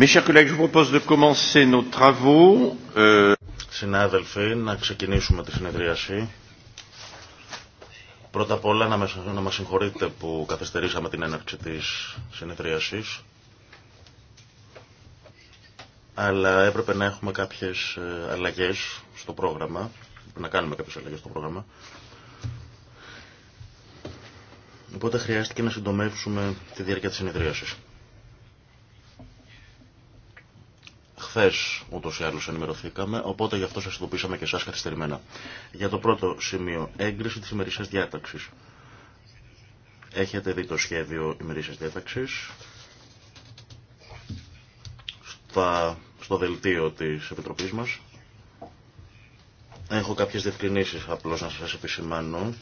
Mes chers collègues, euh, Συνάδελφοι, να ξεκινήσουμε τη συνεδρίαση. Πρώτα απ' όλα να μας συγχωρείτε που καθυστερήσαμε την έναρξη της συνεδρίασης. Αλλά έπρεπε να έχουμε κάποιες ε, αλλαγές στο πρόγραμμα. Να κάνουμε κάποιες αλλαγές στο πρόγραμμα. Οπότε χρειάστηκε να συντομεύσουμε τη διάρκεια της συνεδρίασης. χθε ούτω ή άλλω ενημερωθήκαμε, οπότε γι' αυτό σα ειδοποίησαμε και εσά καθυστερημένα. Για το πρώτο σημείο, έγκριση τη ημερήσια διάταξη. Έχετε δει το σχέδιο ημερήσια διάταξη στο δελτίο τη Επιτροπή μα. Έχω κάποιε διευκρινήσει απλώ να σα επισημάνω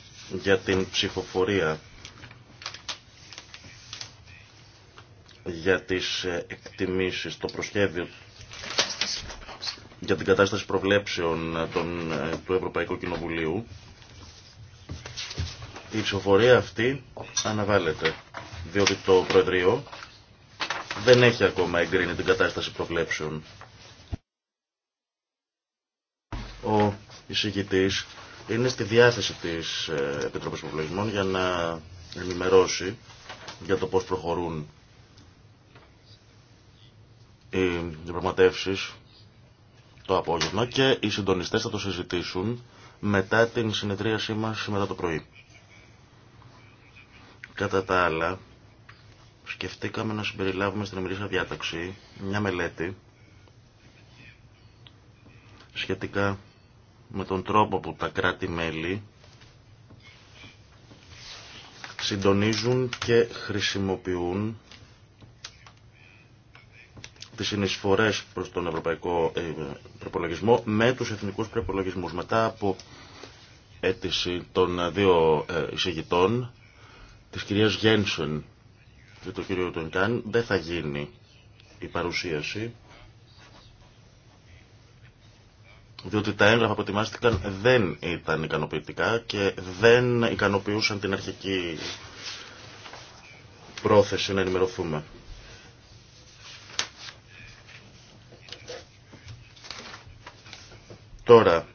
για την ψηφοφορία για τις εκτιμήσεις, το προσχέδιο για την κατάσταση προβλέψεων των, του Ευρωπαϊκού Κοινοβουλίου. Η ψηφοφορία αυτή αναβάλλεται, διότι το Προεδρείο δεν έχει ακόμα εγκρίνει την κατάσταση προβλέψεων. Ο εισηγητής είναι στη διάθεση της ε, Επιτροπής Προβλεσμών για να ενημερώσει για το πώς προχωρούν οι διαπραγματεύσεις το απόγευμα και οι συντονιστές θα το συζητήσουν μετά την συνεδρίασή μας μετά το πρωί. Κατά τα άλλα, σκεφτήκαμε να συμπεριλάβουμε στην ημερήσια διάταξη μια μελέτη σχετικά με τον τρόπο που τα κράτη-μέλη συντονίζουν και χρησιμοποιούν τι συνεισφορές προ τον ευρωπαϊκό ε, προπολογισμό με τους εθνικούς προπολογισμού. Μετά από αίτηση των ε, δύο ε, εισηγητών, της κυρίας Γένσον και του κυρίου Τονκάν, δεν θα γίνει η παρουσίαση, διότι τα έγγραφα που ετοιμάστηκαν δεν ήταν ικανοποιητικά και δεν ικανοποιούσαν την αρχική πρόθεση να ενημερωθούμε. Τώρα,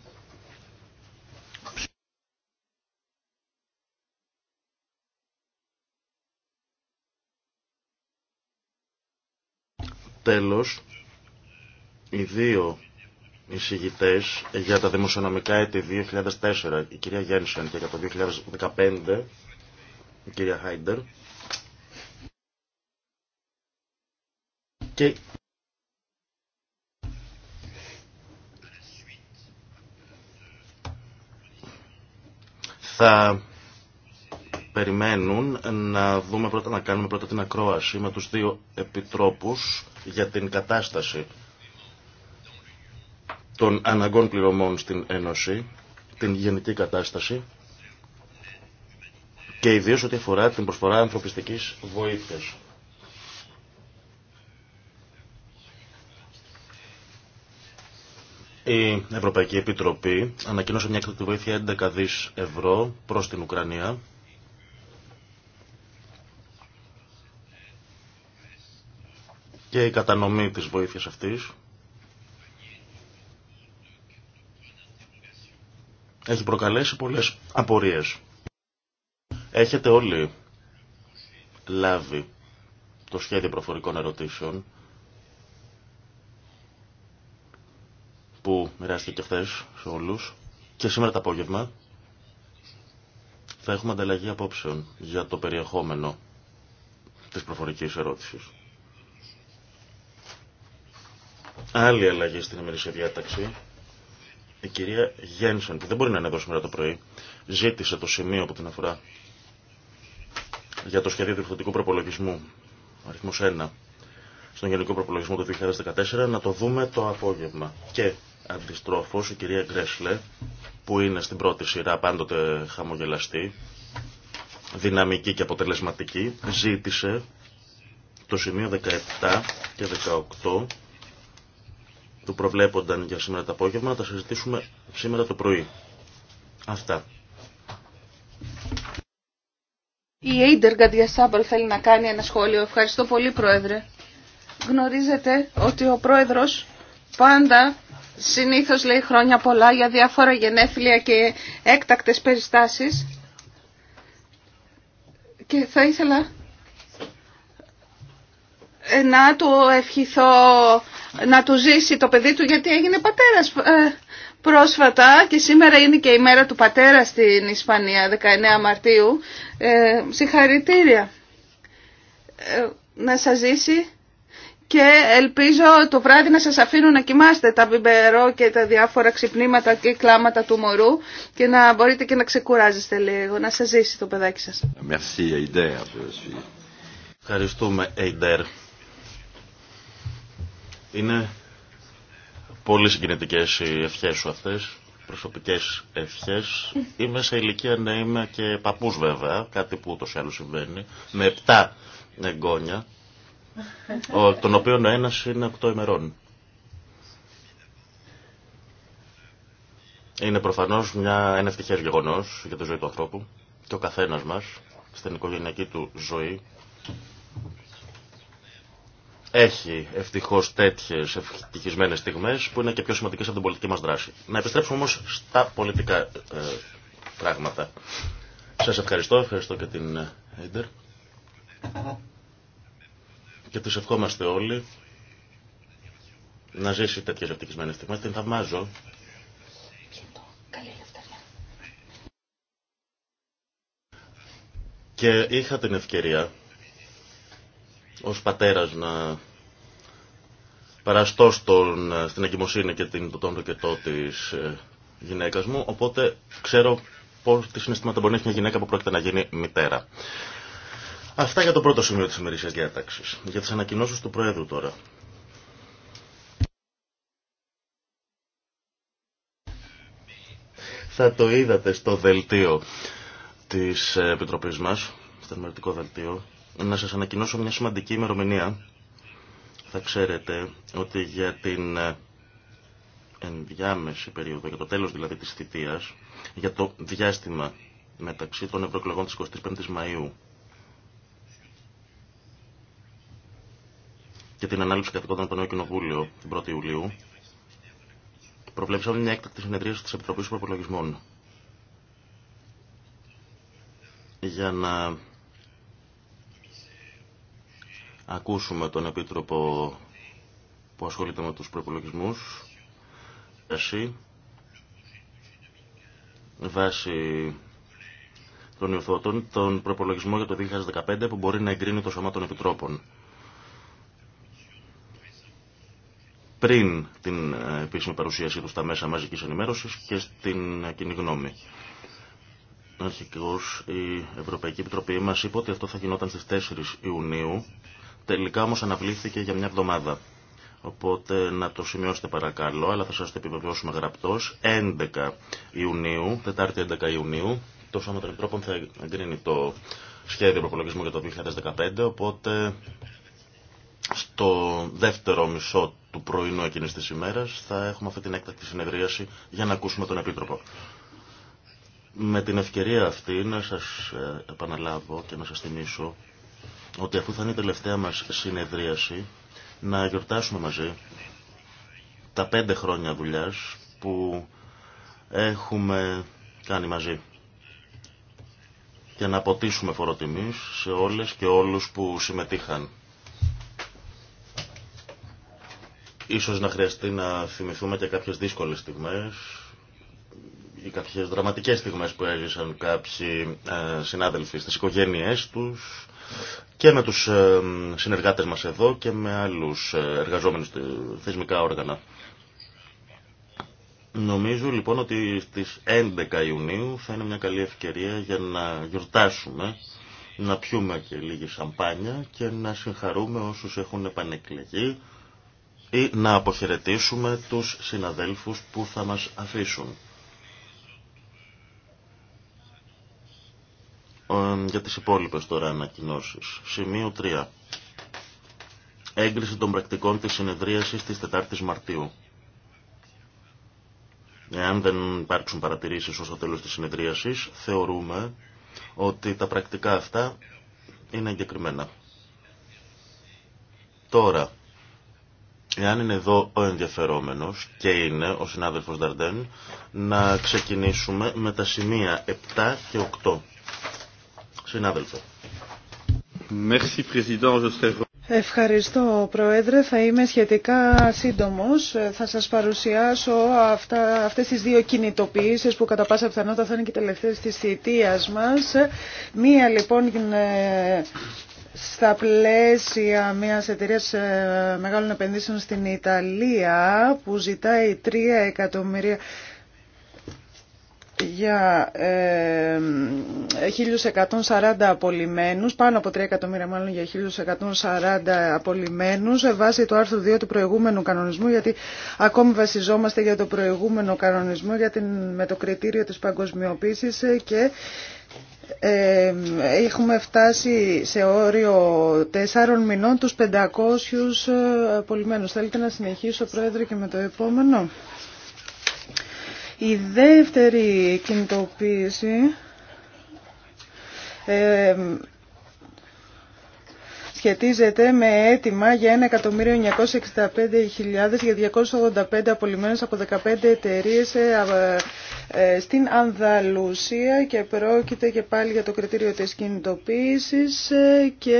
τέλος, οι δύο εισηγητές για τα δημοσιονομικά έτη 2004, η κυρία Γένσεν και για το 2015, η κυρία Χάιντερ. Και θα περιμένουν να δούμε πρώτα να κάνουμε πρώτα την ακρόαση με τους δύο επιτρόπους για την κατάσταση των αναγκών πληρωμών στην Ένωση, την γενική κατάσταση και ιδίως ό,τι αφορά την προσφορά ανθρωπιστικής βοήθειας. Η Ευρωπαϊκή Επιτροπή ανακοίνωσε μια εκδοτική βοήθεια 11 δις ευρώ προς την Ουκρανία και η κατανομή της βοήθειας αυτής έχει προκαλέσει πολλές απορίες. Έχετε όλοι λάβει το σχέδιο προφορικών ερωτήσεων μοιράστηκε χθε σε όλου. και σήμερα το απόγευμα θα έχουμε ανταλλαγή απόψεων για το περιεχόμενο τη προφορική ερώτηση. Άλλη αλλαγή στην ημερήσια διάταξη. Η κυρία Γένσεν, που δεν μπορεί να είναι εδώ σήμερα το πρωί, ζήτησε το σημείο που την αφορά για το σχέδιο διευθυντικού προπολογισμού, αριθμός 1, στον Γενικό Προπολογισμό του 2014, να το δούμε το απόγευμα. Και Αντιστρόφως, η κυρία Γκρέσλε, που είναι στην πρώτη σειρά πάντοτε χαμογελαστή, δυναμική και αποτελεσματική, ζήτησε το σημείο 17 και 18 του προβλέπονταν για σήμερα το απόγευμα να τα συζητήσουμε σήμερα το πρωί. Αυτά. Η Αίντερ Γκαντιασάμπαλ θέλει να κάνει ένα σχόλιο. Ευχαριστώ πολύ, Πρόεδρε. Γνωρίζετε ότι ο Πρόεδρος Πάντα συνήθως λέει χρόνια πολλά για διάφορα γενέθλια και έκτακτες περιστάσεις. Και θα ήθελα ε, να του ευχηθώ να του ζήσει το παιδί του γιατί έγινε πατέρας ε, πρόσφατα και σήμερα είναι και η μέρα του πατέρα στην Ισπανία, 19 Μαρτίου. Ε, συγχαρητήρια. Ε, να σας ζήσει και ελπίζω το βράδυ να σας αφήνω να κοιμάστε τα μπιμπερό και τα διάφορα ξυπνήματα και κλάματα του μωρού και να μπορείτε και να ξεκουράζεστε λίγο, να σας ζήσει το παιδάκι σας. Ευχαριστούμε, Ειντερ. Είναι πολύ συγκινητικές οι ευχές σου αυτές, προσωπικές ευχές. Είμαι σε ηλικία να είμαι και παππούς βέβαια, κάτι που ούτως ή συμβαίνει, με επτά εγγόνια ο, των ο ένας είναι 8 ημερών. Είναι προφανώς μια, ένα ευτυχές γεγονός για τη ζωή του ανθρώπου και ο καθένας μας στην οικογενειακή του ζωή έχει ευτυχώ τέτοιε ευτυχισμένε στιγμές που είναι και πιο σημαντικέ από την πολιτική μα δράση. Να επιστρέψουμε όμω στα πολιτικά ε, πράγματα. Σα ευχαριστώ, ευχαριστώ και την Έντερ. Ε, και τους ευχόμαστε όλοι να ζήσει τέτοιες ευτυχισμένες στιγμές. Την θαυμάζω. Και είχα την ευκαιρία ως πατέρας να παραστώ στον, στην εγκυμοσύνη και την, τον ροκετό της ε, γυναίκας μου, οπότε ξέρω πώς τη συναισθήματα μπορεί να έχει μια γυναίκα που πρόκειται να γίνει μητέρα. Αυτά για το πρώτο σημείο της ημερήσιας διάταξης. Για τις ανακοινώσεις του Προέδρου τώρα. Θα το είδατε στο δελτίο της Επιτροπής μας, στο ενημερωτικό δελτίο, να σας ανακοινώσω μια σημαντική ημερομηνία. Θα ξέρετε ότι για την ενδιάμεση περίοδο, για το τέλος δηλαδή της θητείας, για το διάστημα μεταξύ των ευρωεκλογών της 25ης Μαΐου και την ανάλυση καθηγόντων από το νέο κοινοβούλιο την 1η Ιουλίου, προβλέψαμε μια έκτακτη συνεδρίαση τη Επιτροπή Προπολογισμών για να ακούσουμε τον Επίτροπο που ασχολείται με τους προπολογισμού εσύ βάσει των υιοθότων τον προπολογισμό για το 2015 που μπορεί να εγκρίνει το Σωμά των Επιτρόπων. πριν την ε, επίσημη παρουσίασή του στα μέσα μαζικής ενημέρωσης και στην ε, κοινή γνώμη. Αρχικώς η Ευρωπαϊκή Επιτροπή μας είπε ότι αυτό θα γινόταν στις 4 Ιουνίου, τελικά όμως αναβλήθηκε για μια εβδομάδα. Οπότε να το σημειώσετε παρακαλώ, αλλά θα σας το επιβεβαιώσουμε γραπτός. 11 Ιουνίου, Τετάρτη 11 Ιουνίου, το Σώμα των Επιτρόπων θα εγκρίνει το σχέδιο προπολογισμού για το 2015, οπότε το δεύτερο μισό του πρωινού εκείνη της ημέρας θα έχουμε αυτή την έκτακτη συνεδρίαση για να ακούσουμε τον Επίτροπο. Με την ευκαιρία αυτή να σας ε, επαναλάβω και να σας θυμίσω ότι αφού θα είναι η τελευταία μας συνεδρίαση να γιορτάσουμε μαζί τα πέντε χρόνια δουλειάς που έχουμε κάνει μαζί και να αποτίσουμε φοροτιμής σε όλες και όλους που συμμετείχαν Ίσως να χρειαστεί να θυμηθούμε και κάποιες δύσκολες στιγμές ή κάποιες δραματικές στιγμές που έζησαν κάποιοι ε, συνάδελφοι στις οικογένειές τους και με τους ε, συνεργάτες μας εδώ και με άλλους ε, εργαζόμενους θεσμικά όργανα. Νομίζω λοιπόν ότι στις 11 Ιουνίου θα είναι μια καλή ευκαιρία για να γιορτάσουμε, να πιούμε και λίγη σαμπάνια και να συγχαρούμε όσους έχουν επανεκλεγεί ή να αποχαιρετήσουμε τους συναδέλφους που θα μας αφήσουν. Για τις υπόλοιπες τώρα ανακοινώσει. Σημείο 3. Έγκριση των πρακτικών της συνεδρίασης της 4ης Μαρτίου. Εάν δεν υπάρξουν παρατηρήσεις ως το τέλος της συνεδρίασης, θεωρούμε ότι τα πρακτικά αυτά είναι εγκεκριμένα. Τώρα, εάν είναι εδώ ο ενδιαφερόμενος και είναι ο συνάδελφος Νταρντέν, να ξεκινήσουμε με τα σημεία 7 και 8. Συνάδελφο. Ευχαριστώ Πρόεδρε. Θα είμαι σχετικά σύντομος. Θα σας παρουσιάσω αυτά, αυτές τις δύο κινητοποιήσεις που κατά πάσα πιθανότητα θα είναι και τελευταίες της θητείας μας. Μία λοιπόν ε, στα πλαίσια μιας εταιρείας ε, μεγάλων επενδύσεων στην Ιταλία που ζητάει 3 εκατομμύρια για 1.140 ε, απολυμμένους, πάνω από 3 εκατομμύρια μάλλον για 1.140 σε βάση το άρθρο 2 του προηγούμενου κανονισμού, γιατί ακόμη βασιζόμαστε για το προηγούμενο κανονισμό για την, με το κριτήριο της παγκοσμιοποίησης ε, και έχουμε φτάσει σε όριο τέσσερων μηνών τους 500 ε, απολυμμένους. Θέλετε να συνεχίσω, Πρόεδρε, και με το επόμενο. Η δεύτερη κινητοποίηση σχετίζεται με αίτημα για 1.965.000 για 285 απολυμμένες από 15 εταιρείε ε, ε, στην Ανδαλουσία και πρόκειται και πάλι για το κριτήριο της κινητοποίησης ε, και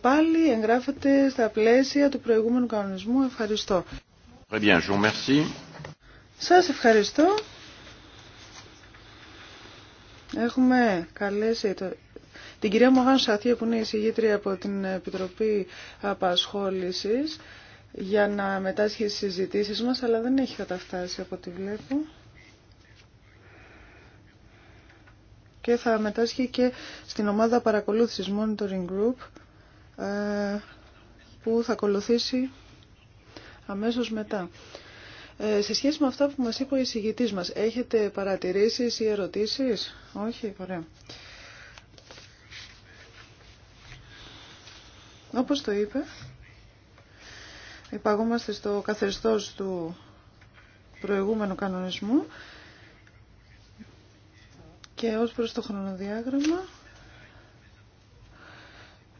πάλι εγγράφεται στα πλαίσια του προηγούμενου κανονισμού. Ευχαριστώ. Σα Σας ευχαριστώ. Έχουμε καλέσει το την κυρία Μωγάν Σαθία που είναι η συγγήτρια από την Επιτροπή Απασχόλησης για να μετάσχει στις συζητήσεις μας, αλλά δεν έχει καταφτάσει από ό,τι βλέπω. Και θα μετάσχει και στην ομάδα παρακολούθησης Monitoring Group ε, που θα ακολουθήσει αμέσως μετά. Ε, σε σχέση με αυτά που μας είπε ο εισηγητής μας, έχετε παρατηρήσεις ή ερωτήσεις? Όχι, ωραία. Όπως το είπε, υπαγόμαστε στο καθεστώς του προηγούμενου κανονισμού και ως προς το χρονοδιάγραμμα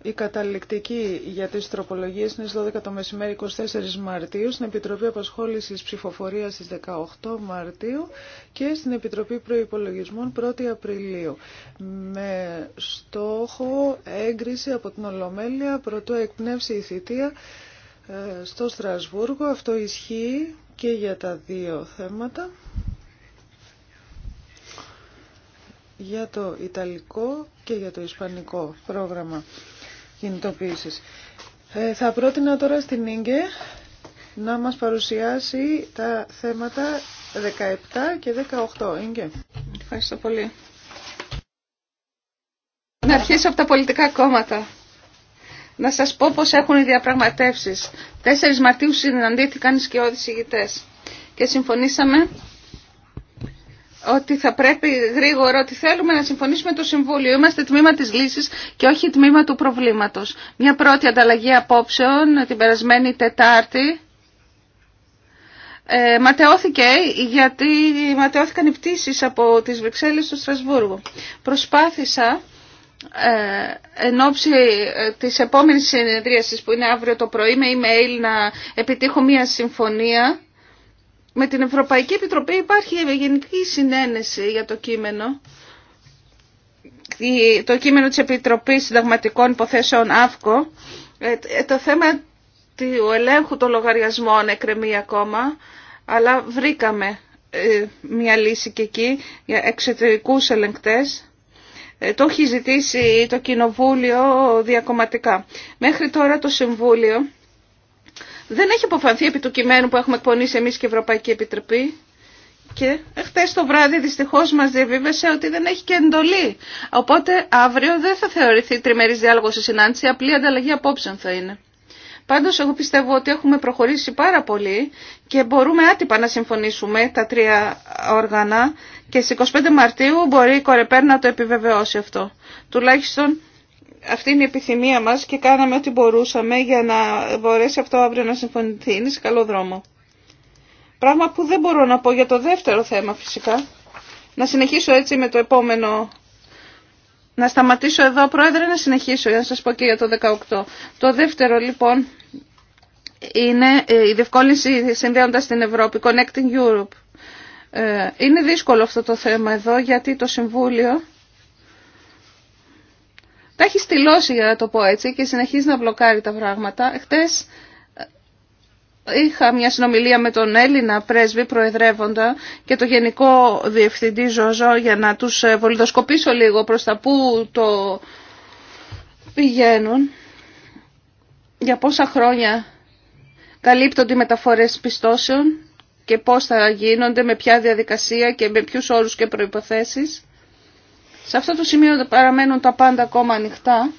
η καταληκτική για τι τροπολογίε είναι στι 12 το μεσημέρι 24 Μαρτίου, στην Επιτροπή Απασχόληση ψηφοφορία στι 18 Μαρτίου και στην Επιτροπή Προϋπολογισμών 1η Απριλίου. Με στόχο, έγκριση από την Ολομέλεια προτού εκπνεύσει η απριλιου με στοχο εγκριση απο την ολομελεια πρωτου εκπνευσει η θητεια ε, στο Στρασβούργο. Αυτό ισχύει και για τα δύο θέματα. για το Ιταλικό και για το Ισπανικό πρόγραμμα. Ε, θα πρότεινα τώρα στην Ίγκε να μας παρουσιάσει τα θέματα 17 και 18. Ίγκε. Ευχαριστώ πολύ. Να αρχίσω από τα πολιτικά κόμματα. Να σας πω πώς έχουν οι διαπραγματεύσεις. 4 Μαρτίου συναντήθηκαν οι σκιώδεις ηγητές και συμφωνήσαμε ότι θα πρέπει γρήγορα ότι θέλουμε να συμφωνήσουμε το Συμβούλιο. Είμαστε τμήμα της λύσης και όχι τμήμα του προβλήματος. Μια πρώτη ανταλλαγή απόψεων την περασμένη Τετάρτη ε, ματαιώθηκε γιατί ματαιώθηκαν οι πτήσεις από τις Βρυξέλλες στο Στρασβούργο. Προσπάθησα ε, εν ώψη ε, της επόμενης συνεδρίασης που είναι αύριο το πρωί με email να επιτύχω μια συμφωνία με την Ευρωπαϊκή Επιτροπή υπάρχει γενική συνένεση για το κείμενο. Το κείμενο της Επιτροπής Συνταγματικών Υποθέσεων ΑΦΚΟ. Ε, ε, το θέμα του ελέγχου των λογαριασμών εκκρεμεί ακόμα, αλλά βρήκαμε ε, μια λύση και εκεί για εξωτερικούς ελεγκτές. Το έχει ζητήσει το Κοινοβούλιο διακομματικά. Μέχρι τώρα το Συμβούλιο δεν έχει αποφανθεί επί του κειμένου που έχουμε εκπονήσει εμείς και η Ευρωπαϊκή Επιτροπή. Και χτες το βράδυ δυστυχώ μα διαβίβεσε ότι δεν έχει και εντολή. Οπότε αύριο δεν θα θεωρηθεί τριμερή διάλογο η συνάντηση, απλή ανταλλαγή απόψεων θα είναι. Πάντω εγώ πιστεύω ότι έχουμε προχωρήσει πάρα πολύ και μπορούμε άτυπα να συμφωνήσουμε τα τρία όργανα και στι 25 Μαρτίου μπορεί η Κορεπέρ να το επιβεβαιώσει αυτό. Τουλάχιστον αυτή είναι η επιθυμία μας και κάναμε ό,τι μπορούσαμε για να μπορέσει αυτό αύριο να συμφωνηθεί. Είναι σε καλό δρόμο. Πράγμα που δεν μπορώ να πω για το δεύτερο θέμα φυσικά. Να συνεχίσω έτσι με το επόμενο. Να σταματήσω εδώ, Πρόεδρε, να συνεχίσω για να σας πω και για το 18. Το δεύτερο λοιπόν είναι ε, η διευκόλυνση συνδέοντα την Ευρώπη, Connecting Europe. Ε, είναι δύσκολο αυτό το θέμα εδώ γιατί το Συμβούλιο τα έχει στυλώσει για να το πω έτσι και συνεχίζει να μπλοκάρει τα πράγματα. Χτες ε, είχα μια συνομιλία με τον Έλληνα πρέσβη προεδρεύοντα και το Γενικό Διευθυντή Ζωζό για να τους ε, βολιδοσκοπήσω λίγο προς τα που το πηγαίνουν. Για πόσα χρόνια καλύπτονται οι μεταφορές πιστώσεων και πώς θα γίνονται, με ποια διαδικασία και με ποιους όρους και προϋποθέσεις. Σε αυτό το σημείο παραμένουν τα πάντα ακόμα ανοιχτά.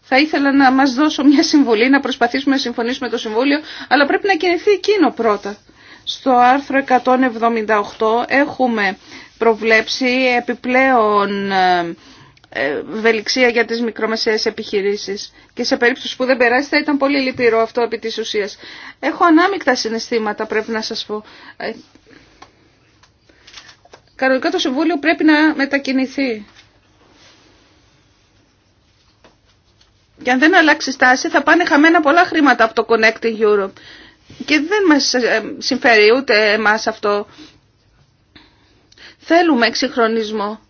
Θα ήθελα να μας δώσω μια συμβολή, να προσπαθήσουμε να συμφωνήσουμε με το Συμβούλιο, αλλά πρέπει να κινηθεί εκείνο πρώτα. Στο άρθρο 178 έχουμε προβλέψει επιπλέον βελιξία ε, ε, για τις μικρομεσαίες επιχειρήσεις και σε περίπτωση που δεν περάσει θα ήταν πολύ λυπηρό αυτό επί της ουσίας. Έχω ανάμεικτα συναισθήματα πρέπει να σας πω ε, Κανονικά το Συμβούλιο πρέπει να μετακινηθεί. Και αν δεν αλλάξει στάση θα πάνε χαμένα πολλά χρήματα από το Connecting Europe. Και δεν μας ε, συμφέρει ούτε εμάς αυτό. Θέλουμε εξυγχρονισμό.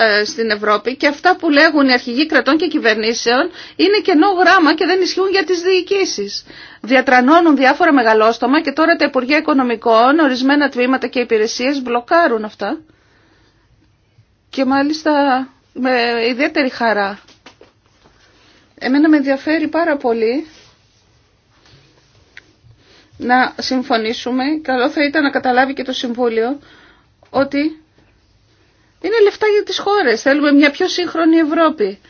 Ε, στην Ευρώπη και αυτά που λέγουν οι αρχηγοί κρατών και κυβερνήσεων είναι κενό γράμμα και δεν ισχύουν για τις διοικήσεις. Διατρανώνουν διάφορα μεγαλόστομα και τώρα τα Υπουργεία Οικονομικών, ορισμένα τμήματα και υπηρεσίες μπλοκάρουν αυτά. Και μάλιστα με ιδιαίτερη χαρά. Εμένα με ενδιαφέρει πάρα πολύ να συμφωνήσουμε. Καλό θα ήταν να καταλάβει και το Συμβούλιο ότι είναι λεφτά για τις χώρες. Θέλουμε μια πιο σύγχρονη Ευρώπη.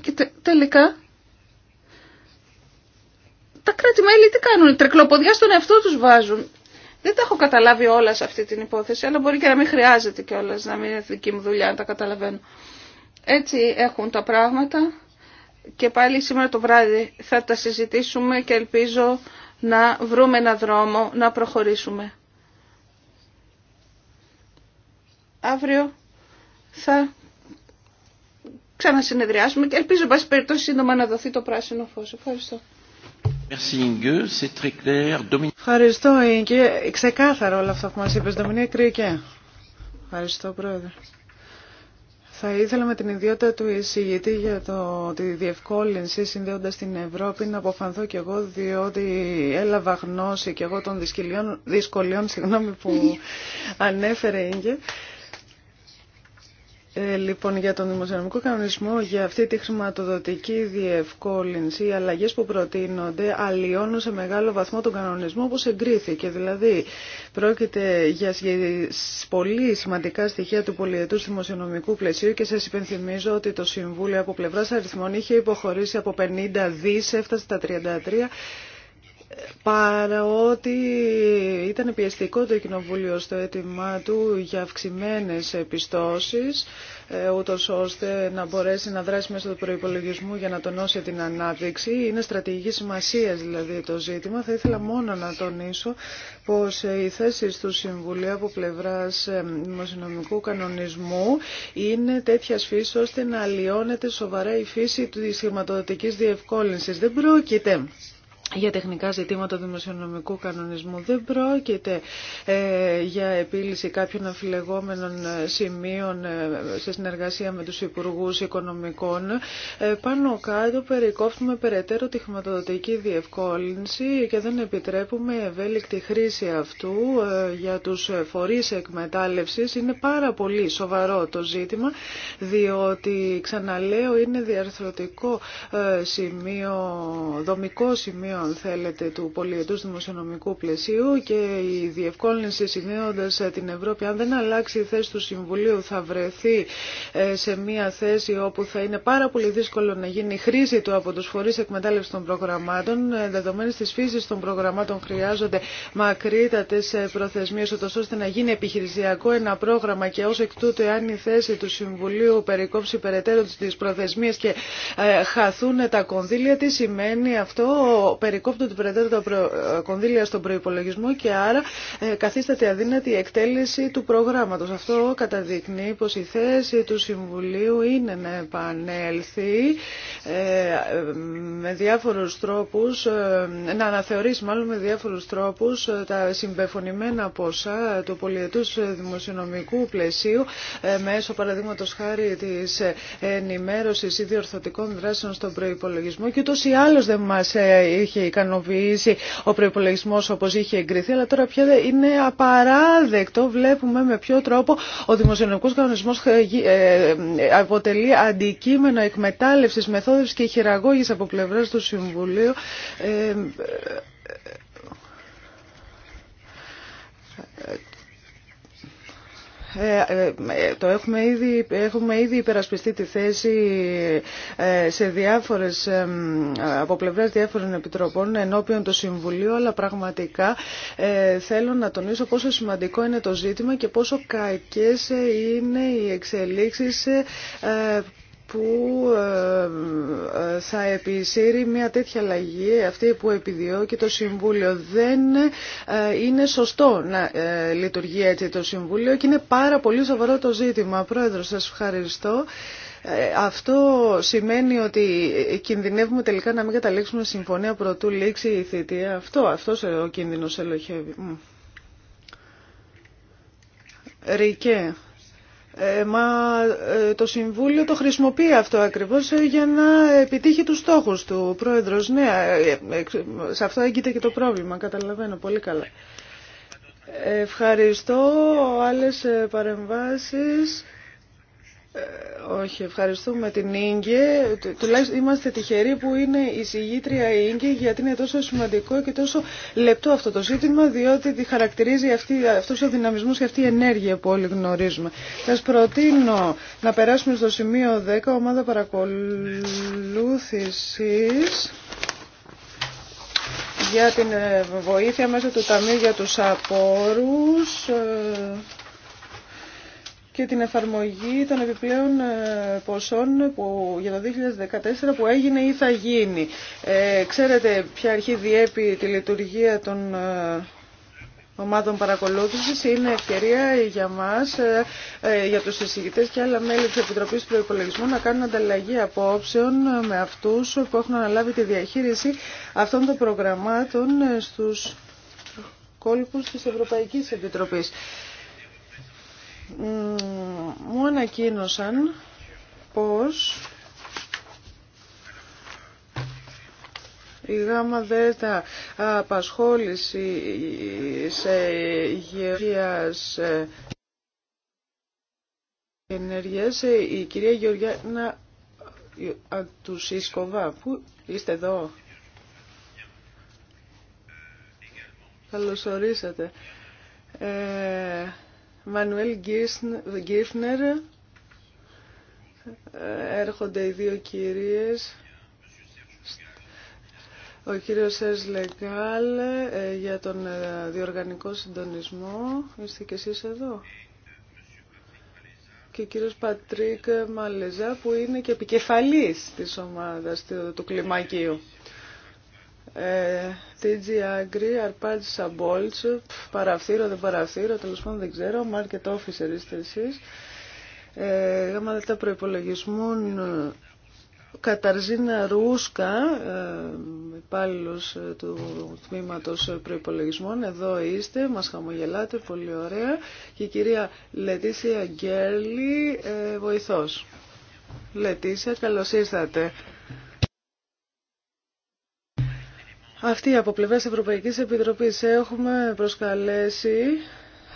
Και τελικά τα κράτη-μέλη τι κάνουν. Τρεκλοποδιά στον εαυτό τους βάζουν. Δεν τα έχω καταλάβει όλα σε αυτή την υπόθεση, αλλά μπορεί και να μην χρειάζεται κιόλα να μην είναι δική μου δουλειά, να τα καταλαβαίνω. Έτσι έχουν τα πράγματα και πάλι σήμερα το βράδυ θα τα συζητήσουμε και ελπίζω να βρούμε ένα δρόμο, να προχωρήσουμε. Αύριο θα ξανασυνεδριάσουμε και ελπίζω, εν πάση περιπτώσει, σύντομα να δοθεί το πράσινο φως. Ευχαριστώ. Ευχαριστώ, Ίγκε. Ξεκάθαρο όλα αυτά που μας είπες, κρίκια. Ευχαριστώ, Πρόεδρε. Θα ήθελα με την ιδιότητα του εισηγητή για τη διευκόλυνση συνδέοντας την Ευρώπη να αποφανθώ κι εγώ διότι έλαβα γνώση κι εγώ των δυσκολιών συγγνώμη, που ανέφερε Ίγκε. Ε, λοιπόν, για τον δημοσιονομικό κανονισμό, για αυτή τη χρηματοδοτική διευκόλυνση, οι αλλαγέ που προτείνονται αλλοιώνουν σε μεγάλο βαθμό τον κανονισμό όπω εγκρίθηκε. Δηλαδή, πρόκειται για πολύ σημαντικά στοιχεία του πολιετού δημοσιονομικού πλαισίου και σα υπενθυμίζω ότι το Συμβούλιο από πλευρά αριθμών είχε υποχωρήσει από 50 δι, έφτασε τα 33 παρότι ήταν πιεστικό το Κοινοβούλιο στο αίτημά του για αυξημένες επιστώσεις, ε, ούτως ώστε να μπορέσει να δράσει μέσα του προϋπολογισμού για να τονώσει την ανάπτυξη. Είναι στρατηγική σημασία δηλαδή το ζήτημα. Θα ήθελα μόνο να τονίσω πως οι θέσεις του Συμβουλίου από πλευράς ε, δημοσιονομικού κανονισμού είναι τέτοια φύση ώστε να αλλοιώνεται σοβαρά η φύση της χρηματοδοτικής διευκόλυνσης. Δεν πρόκειται για τεχνικά ζητήματα δημοσιονομικού κανονισμού. Δεν πρόκειται ε, για επίλυση κάποιων αφιλεγόμενων ε, σημείων ε, σε συνεργασία με τους Υπουργούς Οικονομικών. Ε, πάνω κάτω περικόφτουμε περαιτέρω τη χρηματοδοτική διευκόλυνση και δεν επιτρέπουμε ευέλικτη χρήση αυτού για τους φορείς εκμετάλλευσης. Είναι πάρα πολύ σοβαρό το ζήτημα, διότι, ξαναλέω, είναι διαρθρωτικό σημείο, δομικό σημείο αν θέλετε, του πολιετούς δημοσιονομικού πλαισίου και η διευκόλυνση συνέοντα ε, την Ευρώπη, αν δεν αλλάξει η θέση του Συμβουλίου, θα βρεθεί ε, σε μια θέση όπου θα είναι πάρα πολύ δύσκολο να γίνει χρήση του από τους φορείς εκμετάλλευση των προγραμμάτων. Ε, Δεδομένες της φύσης των προγραμμάτων χρειάζονται μακρύτατες προθεσμίες, ώστε να γίνει επιχειρησιακό ένα πρόγραμμα και ως εκ τούτου, αν η θέση του Συμβουλίου περικόψει περαιτέρω τις προθεσμίες και χαθούν τα κονδύλια, τι σημαίνει αυτό περικόπτουν την περαιτέρω κονδύλια στον προπολογισμό και άρα ε, καθίσταται αδύνατη η εκτέλεση του προγράμματο. Αυτό καταδεικνύει πω η θέση του Συμβουλίου είναι να επανέλθει ε, με διάφορου τρόπου, ε, να αναθεωρήσει μάλλον με διάφορου τρόπου τα συμπεφωνημένα ποσά του πολιετού δημοσιονομικού πλαισίου μέσω παραδείγματο χάρη τη ενημέρωση ή διορθωτικών δράσεων στον προπολογισμό και ούτω ή δεν μα είχε ικανοποιήσει ο προπολογισμό όπω είχε εγκριθεί, αλλά τώρα πια είναι απαράδεκτο. Βλέπουμε με ποιο τρόπο ο δημοσιονομικό κανονισμό ε, ε, αποτελεί αντικείμενο εκμετάλλευση, μεθόδευση και χειραγώγηση από πλευρά του Συμβουλίου. Ε, Ε, ε, ε, το έχουμε ήδη, έχουμε ήδη υπερασπιστεί τη θέση σε διάφορες, από πλευρά διάφορων επιτροπών ενώπιον το Συμβουλίου, αλλά πραγματικά θέλω να τονίσω πόσο σημαντικό είναι το ζήτημα και πόσο κακές είναι οι εξελίξεις που ε, ε, θα επισύρει μια τέτοια αλλαγή αυτή που επιδιώκει το Συμβούλιο. Δεν ε, είναι σωστό να λειτουργεί έτσι το Συμβούλιο και είναι πάρα πολύ σοβαρό το ζήτημα. Πρόεδρο, σας ευχαριστώ. Αυτό σημαίνει ότι κινδυνεύουμε τελικά να μην καταλήξουμε συμφωνία προτού λήξει η θητεία. Αυτό, ο κίνδυνος ελοχεύει. Ρικέ. Ε, μα ε, το Συμβούλιο το χρησιμοποιεί αυτό ακριβώς ε, για να επιτύχει τους στόχους του. Ο Πρόεδρος, ναι, σε αυτό έγκυται και το πρόβλημα, καταλαβαίνω πολύ καλά. Ευχαριστώ. Άλλες παρεμβάσεις. Ε, όχι, ευχαριστούμε την Ίγκε. Τουλάχιστον είμαστε τυχεροί που είναι η συγγήτρια γκε, γιατί είναι τόσο σημαντικό και τόσο λεπτό αυτό το ζήτημα διότι τη χαρακτηρίζει αυτή, αυτός ο δυναμισμός και αυτή η ενέργεια που όλοι γνωρίζουμε. Σα προτείνω να περάσουμε στο σημείο 10, ομάδα παρακολούθησης για την ε, βοήθεια μέσα του Ταμείου για τους Απόρους. Ε, και την εφαρμογή των επιπλέον ε, ποσών που, για το 2014 που έγινε ή θα γίνει. Ε, ξέρετε ποια αρχή διέπει τη λειτουργία των ε, ομάδων παρακολούθησης. Είναι ευκαιρία για μας, ε, για τους εισηγητές και άλλα μέλη της Επιτροπής Προϋπολογισμού να κάνουν ανταλλαγή απόψεων με αυτούς που έχουν αναλάβει τη διαχείριση αυτών των προγραμμάτων στους κόλπους της Ευρωπαϊκής Επιτροπής μου ανακοίνωσαν πως η γάμα δέτα απασχόληση σε γεωργίας ε, ενέργειας ε, η κυρία Γεωργιάνα του Σίσκοβα που είστε εδώ καλωσορίσατε ε, Μανουέλ Γκίφνερ, Έρχονται οι δύο κυρίες. Ο κύριος Σέρς Λεγκάλ ε, για τον ε, διοργανικό συντονισμό. Είστε και εσείς εδώ. Και ο κύριος Πατρίκ Μαλεζά που είναι και επικεφαλής της ομάδας του κλιμακίου. Ε, TG Agri, Arpad Σαμπόλτς, δεν παραφθείρο, τέλο πάντων δεν ξέρω, market officer είστε εσείς. Ε, προϋπολογισμούν ε, Καταρζίνα Ρούσκα, υπάλληλο του τμήματος προϋπολογισμών, εδώ είστε, μας χαμογελάτε, πολύ ωραία. Και η κυρία Λετήσια Γκέρλι, βοηθός. Λετήσια, καλώς ήρθατε. Αυτή από πλευράς Ευρωπαϊκής Επιτροπής έχουμε προσκαλέσει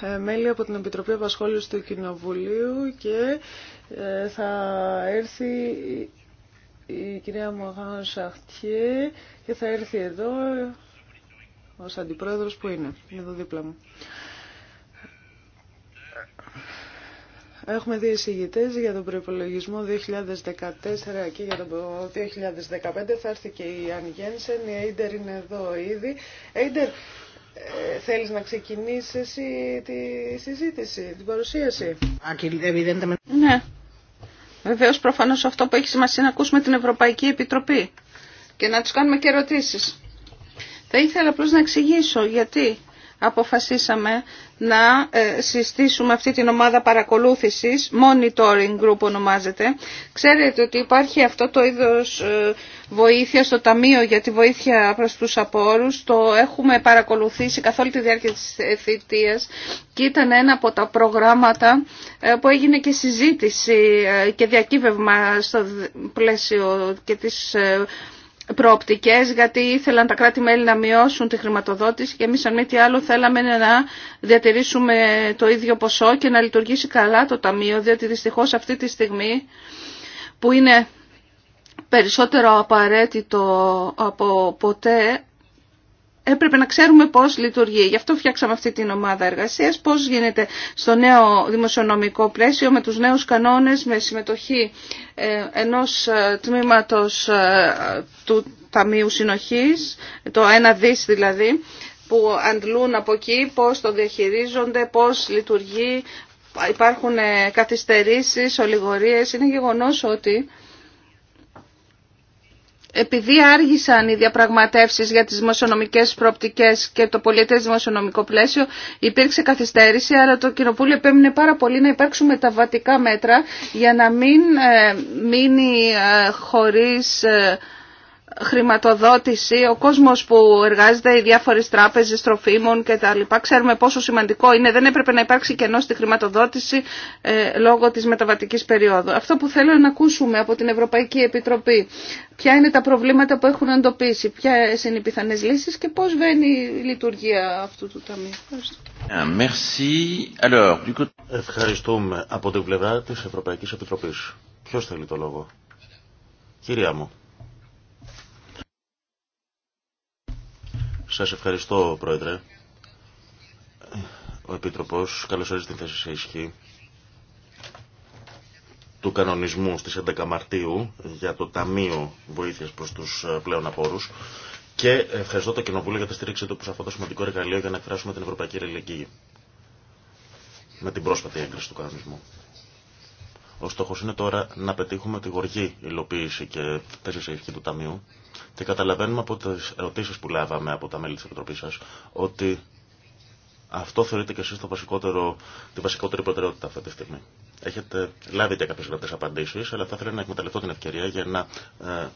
ε, μέλη από την Επιτροπή Απασχόλησης του Κοινοβουλίου και ε, θα έρθει η κυρία Μωγάν Σαχτιέ και θα έρθει εδώ ως αντιπρόεδρος που είναι, εδώ δίπλα μου. Έχουμε δύο εισηγητέ για τον προπολογισμό 2014 και για το 2015. Θα έρθει και η Αν Γένσεν, η Έιντερ είναι εδώ ήδη. Έιντερ, ε, θέλεις να ξεκινήσεις εσύ τη συζήτηση, την παρουσίαση. Ναι. Βεβαίω προφανώς αυτό που έχει σημασία να ακούσουμε την Ευρωπαϊκή Επιτροπή και να του κάνουμε και ερωτήσει. Θα ήθελα απλώ να εξηγήσω γιατί αποφασίσαμε να ε, συστήσουμε αυτή την ομάδα παρακολούθησης, monitoring group ονομάζεται. Ξέρετε ότι υπάρχει αυτό το είδος ε, βοήθεια στο Ταμείο για τη βοήθεια προς τους απόρους. Το έχουμε παρακολουθήσει καθ' όλη τη διάρκεια της θητείας και ήταν ένα από τα προγράμματα ε, που έγινε και συζήτηση και διακύβευμα στο πλαίσιο και της προοπτικές γιατί ήθελαν τα κράτη-μέλη να μειώσουν τη χρηματοδότηση και εμείς αν μη τι άλλο θέλαμε να διατηρήσουμε το ίδιο ποσό και να λειτουργήσει καλά το Ταμείο διότι δυστυχώς αυτή τη στιγμή που είναι περισσότερο απαραίτητο από ποτέ έπρεπε να ξέρουμε πώς λειτουργεί. Γι' αυτό φτιάξαμε αυτή την ομάδα εργασίας, πώς γίνεται στο νέο δημοσιονομικό πλαίσιο με τους νέους κανόνες, με συμμετοχή ε, ενός ε, τμήματος ε, του Ταμείου Συνοχής, το 1 δις δηλαδή, που αντλούν από εκεί, πώς το διαχειρίζονται, πώς λειτουργεί, υπάρχουν καθυστερήσεις, ολιγορίες. Είναι γεγονός ότι επειδή άργησαν οι διαπραγματεύσεις για τις δημοσιονομικές προοπτικές και το πολιτεύσιο δημοσιονομικό πλαίσιο, υπήρξε καθυστέρηση, αλλά το Κοινοβούλιο επέμεινε πάρα πολύ να υπάρξουν μεταβατικά μέτρα για να μην ε, μείνει ε, χωρίς ε, χρηματοδότηση, ο κόσμος που εργάζεται, οι διάφορες τράπεζες τροφίμων και τα Ξέρουμε πόσο σημαντικό είναι, δεν έπρεπε να υπάρξει κενό στη χρηματοδότηση ε, λόγω της μεταβατικής περίοδου. Αυτό που θέλω να ακούσουμε από την Ευρωπαϊκή Επιτροπή, ποια είναι τα προβλήματα που έχουν εντοπίσει, ποια είναι οι πιθανές λύσεις και πώς βαίνει η λειτουργία αυτού του ταμείου. Ε, Ευχαριστούμε από την πλευρά της Ευρωπαϊκής Επιτροπής. Ποιος θέλει το λόγο. Κυρία μου. Σας ευχαριστώ, Πρόεδρε. Ο Επίτροπος καλωσορίζει την θέση σε ισχύ του κανονισμού στις 11 Μαρτίου για το Ταμείο Βοήθειας προς τους ε, πλέον απόρους και ευχαριστώ το Κοινοβούλιο για τη στήριξη του προς αυτό το σημαντικό εργαλείο για να εκφράσουμε την Ευρωπαϊκή Ελληνική με την πρόσφατη έγκριση του κανονισμού. Ο στόχος είναι τώρα να πετύχουμε τη γοργή υλοποίηση και θέση σε του Ταμείου και καταλαβαίνουμε από τι ερωτήσει που λάβαμε από τα μέλη τη Επιτροπή σα, ότι αυτό θεωρείτε και εσεί τη βασικότερη προτεραιότητα αυτή τη στιγμή. Έχετε λάβει και κάποιε γραπτέ απαντήσεις, αλλά θα ήθελα να εκμεταλλευτώ την ευκαιρία για να ε,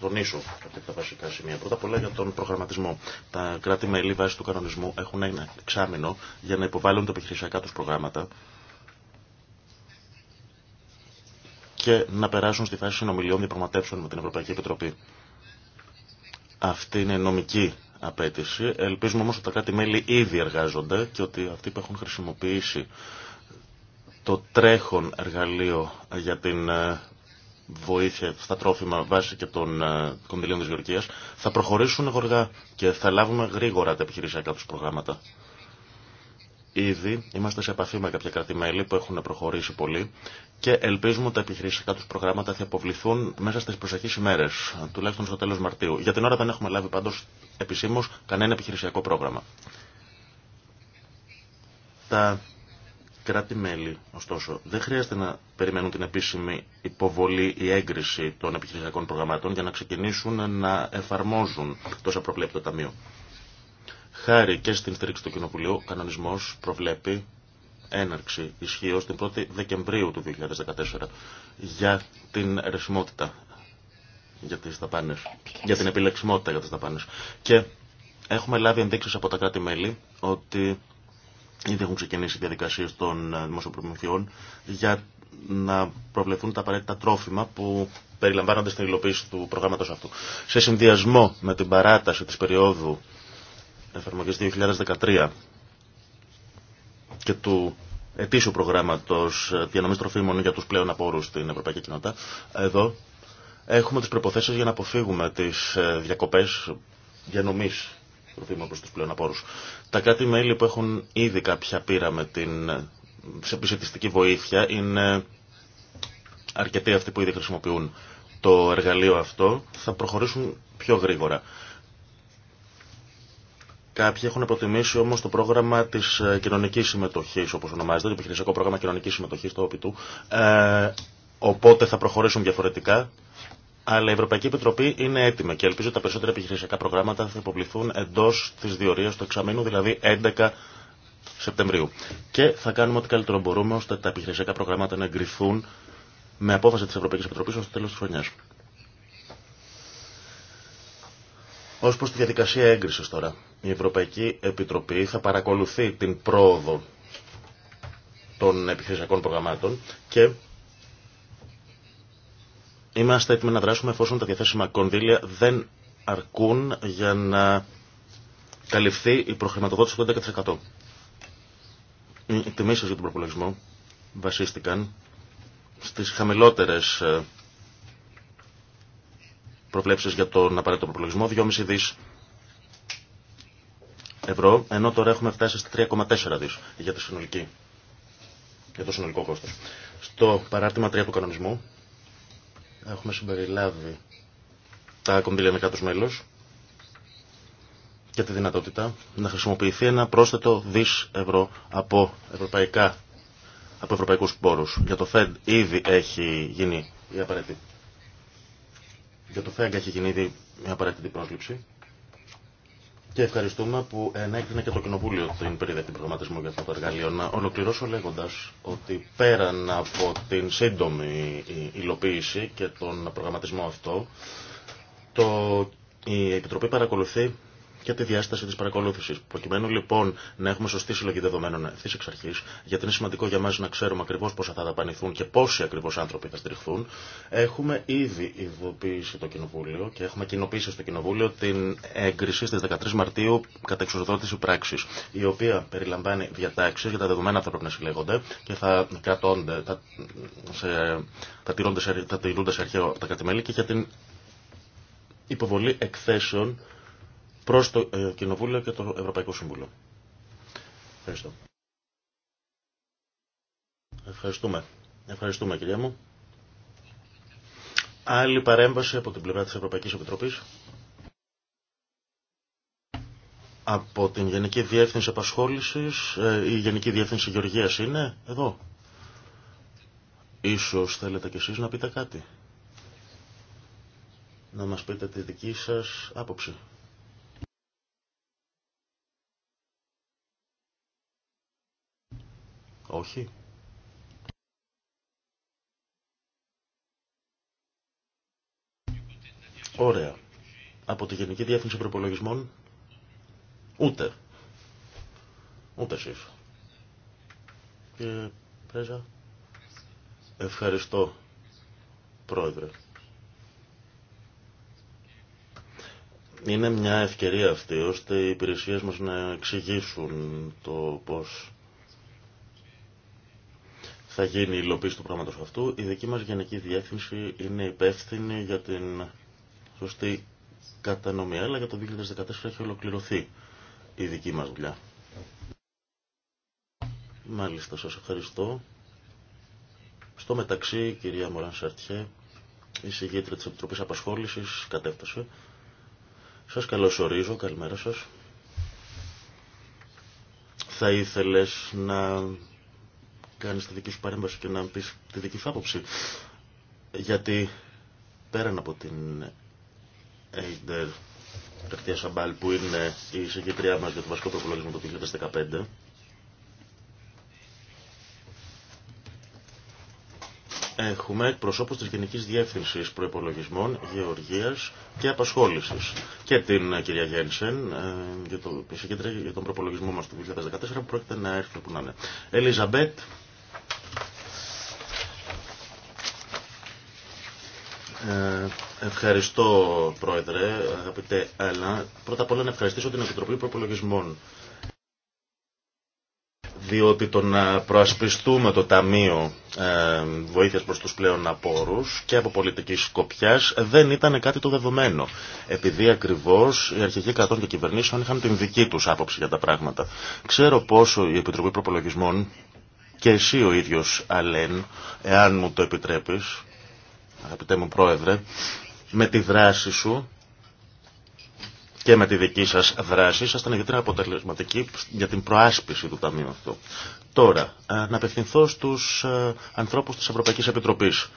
τονίσω κάποια από τα βασικά σημεία. Πρώτα απ' όλα για τον προγραμματισμό. Τα κράτη-μέλη βάσει του κανονισμού έχουν ένα εξάμεινο για να υποβάλουν τα επιχειρησιακά του προγράμματα και να περάσουν στη φάση συνομιλιών διαπραγματεύσεων με την Ευρωπαϊκή Επιτροπή. Αυτή είναι νομική απέτηση. Ελπίζουμε όμως ότι τα κράτη-μέλη ήδη εργάζονται και ότι αυτοί που έχουν χρησιμοποιήσει το τρέχον εργαλείο για την ε, βοήθεια στα τρόφιμα βάσει και των ε, κονδυλίων της Γεωργίας θα προχωρήσουν γοργά και θα λάβουμε γρήγορα τα επιχειρησιακά τους προγράμματα. Ήδη είμαστε σε επαφή με κάποια κράτη-μέλη που έχουν προχωρήσει πολύ και ελπίζουμε ότι τα επιχειρησιακά του προγράμματα θα αποβληθούν μέσα στι προσεχεί ημέρε, τουλάχιστον στο τέλο Μαρτίου. Για την ώρα δεν έχουμε λάβει πάντω επισήμω κανένα επιχειρησιακό πρόγραμμα. Τα κράτη-μέλη, ωστόσο, δεν χρειάζεται να περιμένουν την επίσημη υποβολή ή έγκριση των επιχειρησιακών προγραμμάτων για να ξεκινήσουν να εφαρμόζουν τόσα προβλέπει το Ταμείο. Χάρη και στην στήριξη του Κοινοβουλίου, ο κανονισμό προβλέπει έναρξη ισχύω την 1η Δεκεμβρίου του 2014 για την ρεσιμότητα για τις δαπάνες, για την επιλεξιμότητα για τι δαπάνες. Και έχουμε λάβει ενδείξει από τα κράτη-μέλη ότι ήδη έχουν ξεκινήσει οι διαδικασίες των ε, δημοσιοπρομηθειών για να προβλεφθούν τα απαραίτητα τρόφιμα που περιλαμβάνονται στην υλοποίηση του προγράμματος αυτού. Σε συνδυασμό με την παράταση της περίοδου εφαρμογής 2013 και του ετήσιου προγράμματος διανομής τροφίμων για τους πλέον απόρους στην Ευρωπαϊκή Κοινότητα, εδώ έχουμε τις προποθέσει για να αποφύγουμε τις ε, διακοπές διανομής τροφίμων προς τους πλέον απόρους. Τα κάτι μέλη που έχουν ήδη κάποια πείρα με την επισητιστική βοήθεια είναι αρκετοί αυτοί που ήδη χρησιμοποιούν το εργαλείο αυτό, θα προχωρήσουν πιο γρήγορα. Κάποιοι έχουν προτιμήσει όμω το πρόγραμμα τη ε, κοινωνική συμμετοχή, όπω ονομάζεται, το επιχειρησιακό πρόγραμμα κοινωνική συμμετοχή, το ΟΠΙΤΟΥ. Ε, οπότε θα προχωρήσουν διαφορετικά. Αλλά η Ευρωπαϊκή Επιτροπή είναι έτοιμη και ελπίζω ότι τα περισσότερα επιχειρησιακά προγράμματα θα υποβληθούν εντό τη διορία του εξαμήνου, δηλαδή 11 Σεπτεμβρίου. Και θα κάνουμε ό,τι καλύτερο μπορούμε ώστε τα επιχειρησιακά προγράμματα να εγκριθούν με απόφαση τη Ευρωπαϊκή Επιτροπή ω το τέλο τη χρονιά. Ω προ τη διαδικασία έγκριση τώρα η Ευρωπαϊκή Επιτροπή θα παρακολουθεί την πρόοδο των επιχειρησιακών προγραμμάτων και είμαστε έτοιμοι να δράσουμε εφόσον τα διαθέσιμα κονδύλια δεν αρκούν για να καλυφθεί η προχρηματοδότηση του 11%. Οι τιμήσεις για τον προπολογισμό βασίστηκαν στις χαμηλότερες ε, προβλέψεις για τον απαραίτητο προπολογισμό, 2,5 δις ευρώ, ενώ τώρα έχουμε φτάσει στα 3,4 δις για, συνολικό για το συνολικό κόστος. Στο παράρτημα 3 του κανονισμού έχουμε συμπεριλάβει τα κονδύλια με κράτος μέλος και τη δυνατότητα να χρησιμοποιηθεί ένα πρόσθετο δις ευρώ από, ευρωπαϊκά, από ευρωπαϊκούς πόρους. Για το ΦΕΔ ήδη έχει γίνει η απαραίτητη. Για το έχει γίνει ήδη μια απαραίτητη πρόσληψη και ευχαριστούμε που ενέκρινε και το Κοινοβούλιο την του προγραμματισμό για αυτό το εργαλείο. Να ολοκληρώσω λέγοντα ότι πέραν από την σύντομη υλοποίηση και τον προγραμματισμό αυτό, το, η Επιτροπή παρακολουθεί και τη διάσταση τη παρακολούθηση. Προκειμένου λοιπόν να έχουμε σωστή συλλογή δεδομένων ευθύ εξ αρχή, γιατί είναι σημαντικό για μα να ξέρουμε ακριβώ πόσα θα δαπανηθούν και πόσοι ακριβώ άνθρωποι θα στηριχθούν, έχουμε ήδη ειδοποιήσει το Κοινοβούλιο και έχουμε κοινοποιήσει στο Κοινοβούλιο την έγκριση στι 13 Μαρτίου κατά εξουσιοδότηση πράξη, η οποία περιλαμβάνει διατάξει για τα δεδομένα που θα πρέπει να συλλέγονται και θα κρατώνται, θα, σε, θα, τηρούνται, θα τηρούνται σε αρχαίο τα κρατημέλη και για την υποβολή εκθέσεων προς το ε, Κοινοβούλιο και το Ευρωπαϊκό Συμβούλιο. Ευχαριστώ. Ευχαριστούμε. Ευχαριστούμε κυρία μου. Άλλη παρέμβαση από την πλευρά της Ευρωπαϊκής Επιτροπής. Από την Γενική Διεύθυνση Απασχόλησης, ε, η Γενική Διεύθυνση Γεωργίας είναι εδώ. Ίσως θέλετε κι εσείς να πείτε κάτι. Να μας πείτε τη δική σας άποψη. όχι. Ωραία. Από τη Γενική Διεύθυνση Προπολογισμών ούτε. Ούτε εσείς. Κύριε Πρέζα. Ευχαριστώ, Πρόεδρε. Είναι μια ευκαιρία αυτή ώστε οι υπηρεσίες μας να εξηγήσουν το πώς θα γίνει η υλοποίηση του πράγματος αυτού. Η δική μας Γενική Διεύθυνση είναι υπεύθυνη για την σωστή κατανομή, αλλά για το 2014 έχει ολοκληρωθεί η δική μας δουλειά. Μάλιστα, σας ευχαριστώ. Στο μεταξύ, η κυρία Μωράν Σαρτιέ, η συγγήτρια της Επιτροπής Απασχόλησης, κατέφτασε. Σας καλωσορίζω, καλημέρα σας. Θα ήθελες να κάνεις τη δική σου παρέμβαση και να πεις τη δική σου άποψη. Γιατί πέραν από την Έιντερ Κακτία Σαμπάλ που είναι η συγκεκριά μας για το βασικό προπολογισμό το 2015 έχουμε εκπροσώπους της Γενικής Διεύθυνσης Προϋπολογισμών, Γεωργίας και Απασχόλησης. Και την κυρία Γένσεν, ε, για, το, για τον προπολογισμό μας του 2014 που πρόκειται να έρθει που να είναι. Ελίζαμπετ, Ε, ευχαριστώ, Πρόεδρε, αγαπητέ Έλα. Πρώτα απ' όλα να ευχαριστήσω την Επιτροπή Προπολογισμών. Διότι το να προασπιστούμε το Ταμείο ε, Βοήθειας προς τους πλέον απόρους και από πολιτική σκοπιάς δεν ήταν κάτι το δεδομένο. Επειδή ακριβώς οι αρχηγοί κρατών και κυβερνήσεων είχαν την δική τους άποψη για τα πράγματα. Ξέρω πόσο η Επιτροπή Προπολογισμών και εσύ ο ίδιος Αλέν, εάν μου το επιτρέπεις, αγαπητέ μου πρόεδρε, με τη δράση σου και με τη δική σας δράση ήσασταν ιδιαίτερα αποτελεσματική για την προάσπιση του Ταμείου αυτού. Τώρα, να απευθυνθώ στους ανθρώπους της Ευρωπαϊκής Επιτροπής.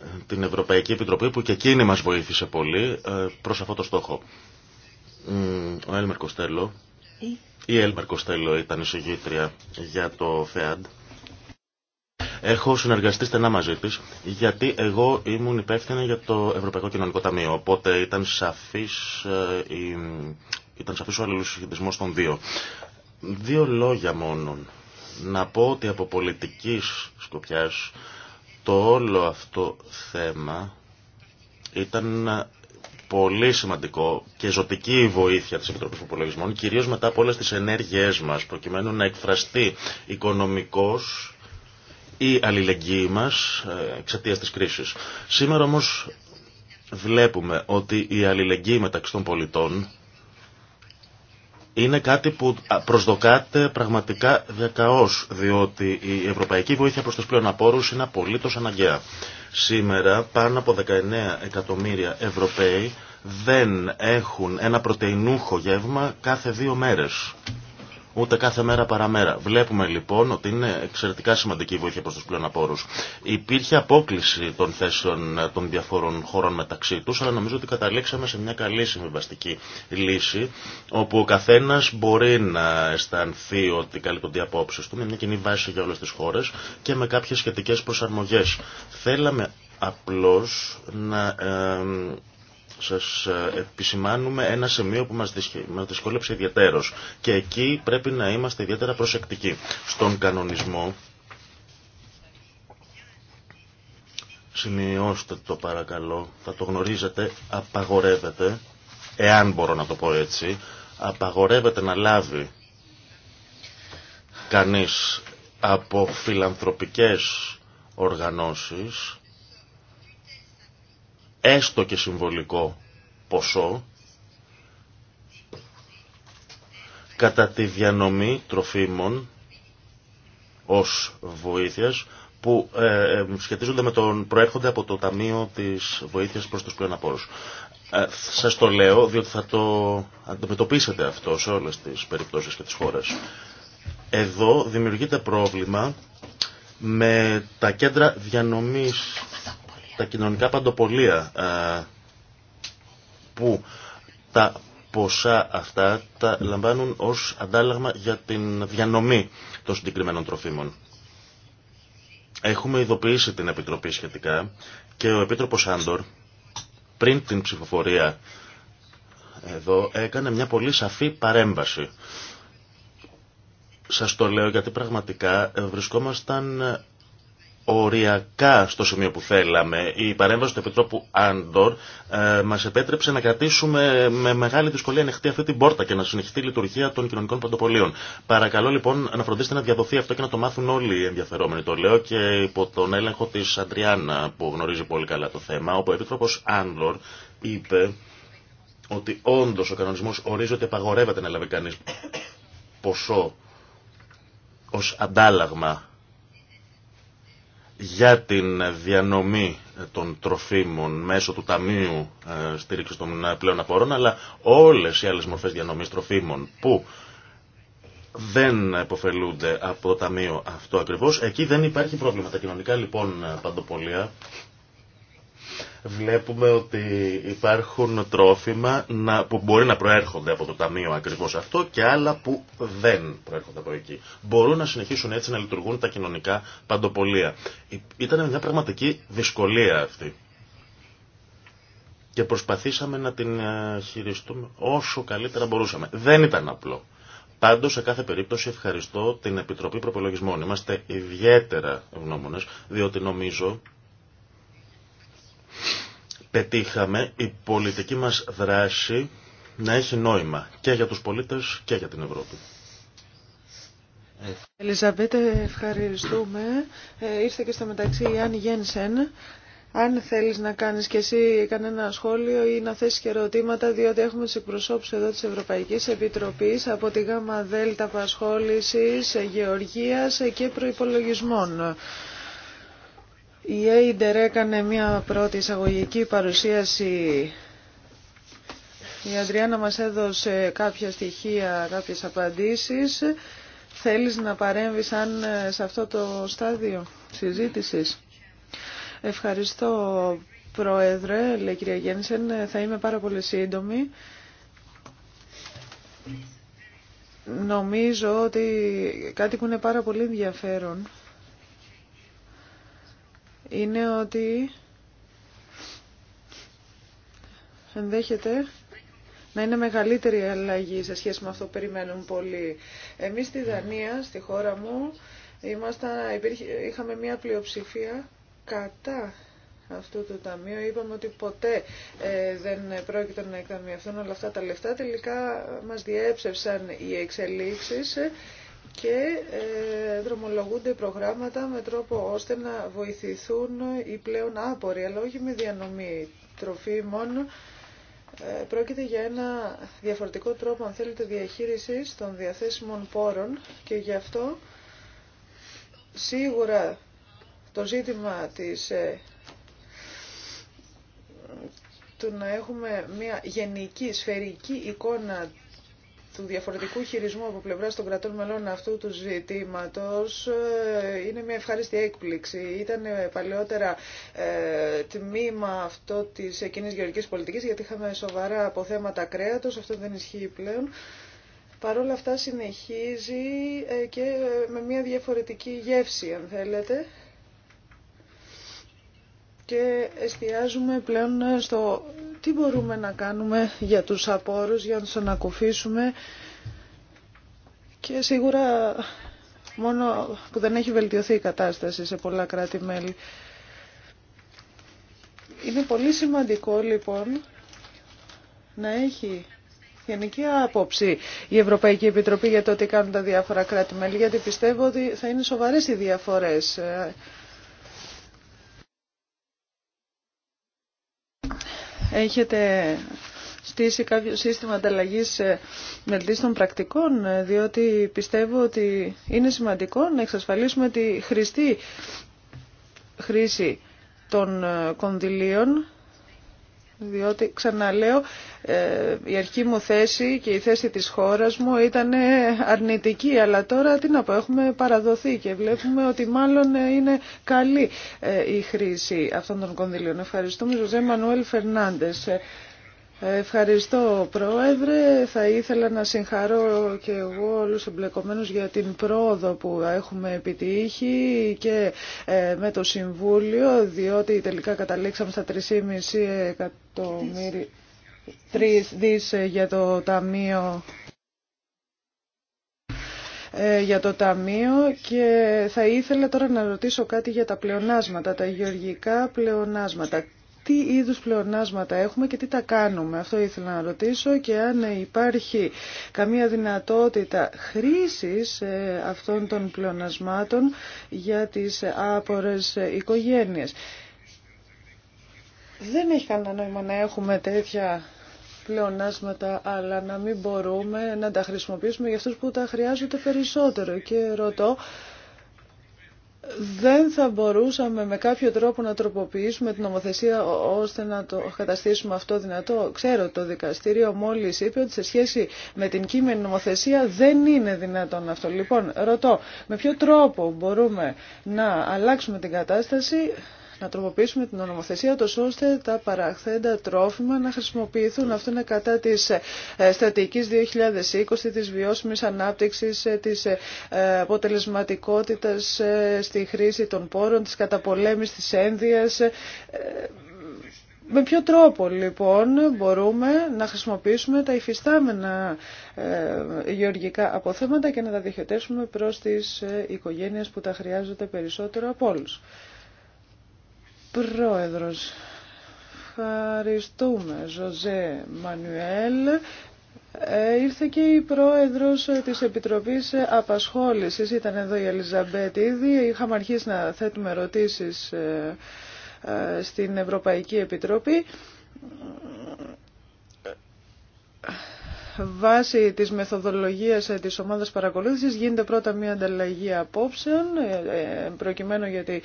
Ε, την Ευρωπαϊκή Επιτροπή που και εκείνη μας βοήθησε πολύ ε, προς αυτό το στόχο. Ο Έλμερ Κοστέλο, ε. η Έλμερ Κοστέλο ήταν η συγγήτρια για το ΦΕΑΝΤ Έχω συνεργαστεί στενά μαζί τη, γιατί εγώ ήμουν υπεύθυνη για το Ευρωπαϊκό Κοινωνικό Ταμείο. Οπότε ήταν σαφή ε, ήταν σαφής ο αλληλοσυγχυντισμός των δύο. Δύο λόγια μόνον. Να πω ότι από πολιτικής σκοπιάς το όλο αυτό θέμα ήταν πολύ σημαντικό και ζωτική η βοήθεια της Επιτροπής Προπολογισμών, κυρίως μετά από όλες τις ενέργειές μας, προκειμένου να εκφραστεί οικονομικός η αλληλεγγύη μας ε, εξαιτία της κρίσης. Σήμερα όμως βλέπουμε ότι η αλληλεγγύη μεταξύ των πολιτών είναι κάτι που προσδοκάται πραγματικά διακαώς, διότι η ευρωπαϊκή βοήθεια προς τους πλέον απόρους είναι απολύτως αναγκαία. Σήμερα πάνω από 19 εκατομμύρια Ευρωπαίοι δεν έχουν ένα πρωτεϊνούχο γεύμα κάθε δύο μέρες ούτε κάθε μέρα παραμέρα. Βλέπουμε λοιπόν ότι είναι εξαιρετικά σημαντική η βοήθεια προς τους πλεοναπόρους. Υπήρχε απόκληση των θέσεων ε, των διαφόρων χώρων μεταξύ τους, αλλά νομίζω ότι καταλήξαμε σε μια καλή συμβιβαστική λύση, όπου ο καθένας μπορεί να αισθανθεί ότι καλύπτονται οι απόψεις του, με μια κοινή βάση για όλες τις χώρες και με κάποιες σχετικές προσαρμογές. Θέλαμε απλώς να ε, σας ε, επισημάνουμε ένα σημείο που μας, δυσκόλεψε ιδιαίτερος και εκεί πρέπει να είμαστε ιδιαίτερα προσεκτικοί. Στον κανονισμό, σημειώστε το παρακαλώ, θα το γνωρίζετε, απαγορεύεται, εάν μπορώ να το πω έτσι, απαγορεύεται να λάβει κανείς από φιλανθρωπικές οργανώσεις έστω και συμβολικό ποσό κατά τη διανομή τροφίμων ως βοήθειας που ε, ε, σχετίζονται με τον προέρχονται από το Ταμείο της Βοήθειας προς τους πλειονάπορους. Ε, σας το λέω διότι θα το αντιμετωπίσετε αυτό σε όλες τις περιπτώσεις και τις χώρες. Εδώ δημιουργείται πρόβλημα με τα κέντρα διανομής τα κοινωνικά παντοπολία ε, που τα ποσά αυτά τα λαμβάνουν ως αντάλλαγμα για την διανομή των συγκεκριμένων τροφίμων. Έχουμε ειδοποιήσει την Επιτροπή σχετικά και ο Επίτροπος Άντορ πριν την ψηφοφορία εδώ έκανε μια πολύ σαφή παρέμβαση. Σας το λέω γιατί πραγματικά βρισκόμασταν οριακά στο σημείο που θέλαμε. Η παρέμβαση του Επιτρόπου Άντορ ε, μας επέτρεψε να κρατήσουμε με μεγάλη δυσκολία ανοιχτή αυτή την πόρτα και να συνεχιστεί η λειτουργία των κοινωνικών παντοπολίων. Παρακαλώ λοιπόν να φροντίσετε να διαδοθεί αυτό και να το μάθουν όλοι οι ενδιαφερόμενοι. Το λέω και υπό τον έλεγχο της Αντριάννα που γνωρίζει πολύ καλά το θέμα, όπου ο Επιτρόπος Άντορ είπε ότι όντως ο κανονισμός ορίζει ότι απαγορεύεται να λάβει κανείς ποσό ω αντάλλαγμα για την διανομή των τροφίμων μέσω του Ταμείου ε, Στήριξης των ε, Πλέον Απορών, αλλά όλες οι άλλες μορφές διανομής τροφίμων που δεν υποφελούνται από το Ταμείο αυτό ακριβώς, εκεί δεν υπάρχει πρόβλημα. Τα κοινωνικά λοιπόν ε, παντοπολία βλέπουμε ότι υπάρχουν τρόφιμα να, που μπορεί να προέρχονται από το ταμείο ακριβώς αυτό και άλλα που δεν προέρχονται από εκεί. Μπορούν να συνεχίσουν έτσι να λειτουργούν τα κοινωνικά παντοπολία. Ήταν μια πραγματική δυσκολία αυτή. Και προσπαθήσαμε να την ε, χειριστούμε όσο καλύτερα μπορούσαμε. Δεν ήταν απλό. Πάντω, σε κάθε περίπτωση, ευχαριστώ την Επιτροπή Προπολογισμών. Είμαστε ιδιαίτερα ευγνώμονε, διότι νομίζω πετύχαμε η πολιτική μας δράση να έχει νόημα και για τους πολίτες και για την Ευρώπη. Ελιζαβέτε, ευχαριστούμε. Ε, ήρθε και στο μεταξύ η Άννη Γένσεν. Αν θέλεις να κάνεις και εσύ κανένα σχόλιο ή να θέσεις και ερωτήματα, διότι έχουμε τις εκπροσώπους εδώ της Ευρωπαϊκής Επιτροπής από τη ΓΑΜΑ ΔΕΛΤΑ Πασχόλησης, Γεωργίας και Προϋπολογισμών. Η Έιντερ έκανε μια πρώτη εισαγωγική παρουσίαση. Η Αντριάννα μας έδωσε κάποια στοιχεία, κάποιες απαντήσεις. Θέλεις να παρέμβεις αν ε, σε αυτό το στάδιο συζήτησης. Ευχαριστώ Πρόεδρε, λέει κυρία ε, θα είμαι πάρα πολύ σύντομη. Νομίζω ότι κάτι που είναι πάρα πολύ ενδιαφέρον είναι ότι ενδέχεται να είναι μεγαλύτερη η αλλαγή σε σχέση με αυτό που περιμένουν πολλοί. Εμείς στη Δανία, στη χώρα μου, είχαμε μια πλειοψηφία κατά αυτού του ταμείου. Είπαμε ότι ποτέ ε, δεν πρόκειται να εκταμιευθούν όλα αυτά τα λεφτά. Τελικά μας διέψευσαν οι εξελίξεις και ε, δρομολογούνται προγράμματα με τρόπο ώστε να βοηθηθούν οι πλέον άποροι, αλλά όχι με διανομή τροφίμων. Ε, πρόκειται για ένα διαφορετικό τρόπο, αν θέλετε, διαχείρισης των διαθέσιμων πόρων και γι' αυτό σίγουρα το ζήτημα της ε, του να έχουμε μια γενική σφαιρική εικόνα του διαφορετικού χειρισμού από πλευρά των κρατών μελών αυτού του ζητήματος ε, είναι μια ευχάριστη έκπληξη. Ήταν ε, παλαιότερα ε, τμήμα αυτό τη κοινή γεωργικής πολιτική γιατί είχαμε σοβαρά αποθέματα κρέατο. αυτό δεν ισχύει πλέον. Παρ' όλα αυτά συνεχίζει και με μια διαφορετική γεύση αν θέλετε και εστιάζουμε πλέον στο τι μπορούμε να κάνουμε για τους απόρους, για να τους ανακουφίσουμε και σίγουρα μόνο που δεν έχει βελτιωθεί η κατάσταση σε πολλά κράτη-μέλη. Είναι πολύ σημαντικό λοιπόν να έχει γενική άποψη η Ευρωπαϊκή Επιτροπή για το τι κάνουν τα διάφορα κράτη-μέλη, γιατί πιστεύω ότι θα είναι σοβαρές οι διαφορές ε, έχετε στήσει κάποιο σύστημα ανταλλαγή ε, των πρακτικών, ε, διότι πιστεύω ότι είναι σημαντικό να εξασφαλίσουμε τη χρηστή χρήση των ε, κονδυλίων διότι ξαναλέω ε, η αρχή μου θέση και η θέση της χώρας μου ήταν αρνητική αλλά τώρα τι να πω έχουμε παραδοθεί και βλέπουμε ότι μάλλον είναι καλή ε, η χρήση αυτών των κονδυλίων. Ευχαριστούμε Ζωζέ Μανουέλ Φερνάντες. Ευχαριστώ Πρόεδρε. Θα ήθελα να συγχαρώ και εγώ όλους εμπλεκομένους για την πρόοδο που έχουμε επιτύχει και ε, με το Συμβούλιο, διότι τελικά καταλήξαμε στα 3,5 εκατομμύρια ε, για το Ταμείο ε, για το Ταμείο και θα ήθελα τώρα να ρωτήσω κάτι για τα πλεονάσματα, τα γεωργικά πλεονάσματα τι είδους πλεονάσματα έχουμε και τι τα κάνουμε. Αυτό ήθελα να ρωτήσω και αν υπάρχει καμία δυνατότητα χρήσης ε, αυτών των πλεονασμάτων για τις άπορες οικογένειες. Δεν έχει κανένα νόημα να έχουμε τέτοια πλεονάσματα, αλλά να μην μπορούμε να τα χρησιμοποιήσουμε για αυτούς που τα χρειάζονται περισσότερο. Και ρωτώ, δεν θα μπορούσαμε με κάποιο τρόπο να τροποποιήσουμε την νομοθεσία ώστε να το καταστήσουμε αυτό δυνατό. Ξέρω το δικαστήριο μόλις είπε ότι σε σχέση με την κείμενη νομοθεσία δεν είναι δυνατόν αυτό. Λοιπόν, ρωτώ, με ποιο τρόπο μπορούμε να αλλάξουμε την κατάσταση να τροποποιήσουμε την ονομοθεσία τόσο ώστε τα παραχθέντα τρόφιμα να χρησιμοποιηθούν. Αυτό είναι κατά της ε, στρατηγικής 2020, της βιώσιμης ανάπτυξης, ε, της ε, αποτελεσματικότητας στη χρήση των πόρων, της καταπολέμης, της ένδυας. Με ποιο τρόπο λοιπόν μπορούμε να χρησιμοποιήσουμε τα υφιστάμενα γεωργικά αποθέματα και να τα διοχετεύσουμε προς τις οικογένειες που τα χρειάζονται περισσότερο από όλους. Πρόεδρος, ευχαριστούμε Ζωζέ Μανουέλ. Ε, ήρθε και η πρόεδρος της Επιτροπής Απασχόλησης, ήταν εδώ η Ελιζαμπέτ ήδη, είχαμε αρχίσει να θέτουμε ερωτήσεις ε, ε, στην Ευρωπαϊκή Επιτροπή. Βάσει της μεθοδολογίας της ομάδας παρακολούθησης γίνεται πρώτα μια ανταλλαγή απόψεων, προκειμένου γιατί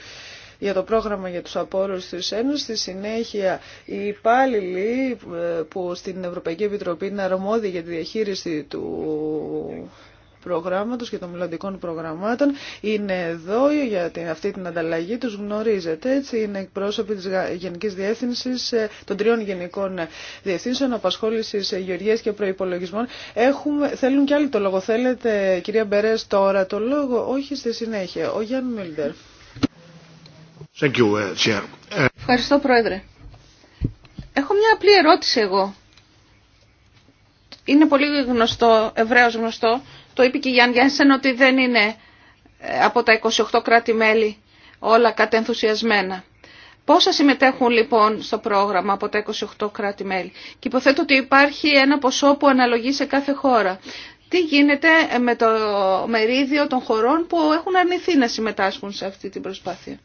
για το πρόγραμμα για τους απόρρους της Ένωσης. Στη συνέχεια οι υπάλληλοι ε, που στην Ευρωπαϊκή Επιτροπή είναι αρμόδιοι για τη διαχείριση του προγράμματος και των μελλοντικών προγραμμάτων είναι εδώ για αυτή την ανταλλαγή, τους γνωρίζετε, έτσι είναι εκπρόσωποι της Γενικής Διεύθυνσης ε, των τριών γενικών διευθύνσεων απασχόλησης ε, γεωργίας και προϋπολογισμών. Έχουμε, θέλουν και άλλοι το λόγο. Θέλετε, κυρία Μπερές, τώρα το λόγο, όχι στη συνέχεια. Ο Γιάννη Μιλντερ. Uh, uh, Ευχαριστώ, Πρόεδρε. Έχω μια απλή ερώτηση εγώ. Είναι πολύ γνωστό, ευρέως γνωστό, το είπε και η Γιάννη Γιάννησεν ότι δεν είναι ε, από τα 28 κράτη-μέλη όλα κατενθουσιασμένα. Πόσα συμμετέχουν λοιπόν στο πρόγραμμα από τα 28 κράτη-μέλη. Και υποθέτω ότι υπάρχει ένα ποσό που αναλογεί σε κάθε χώρα. Τι γίνεται ε, με το μερίδιο των χωρών που έχουν αρνηθεί να συμμετάσχουν σε αυτή την προσπάθεια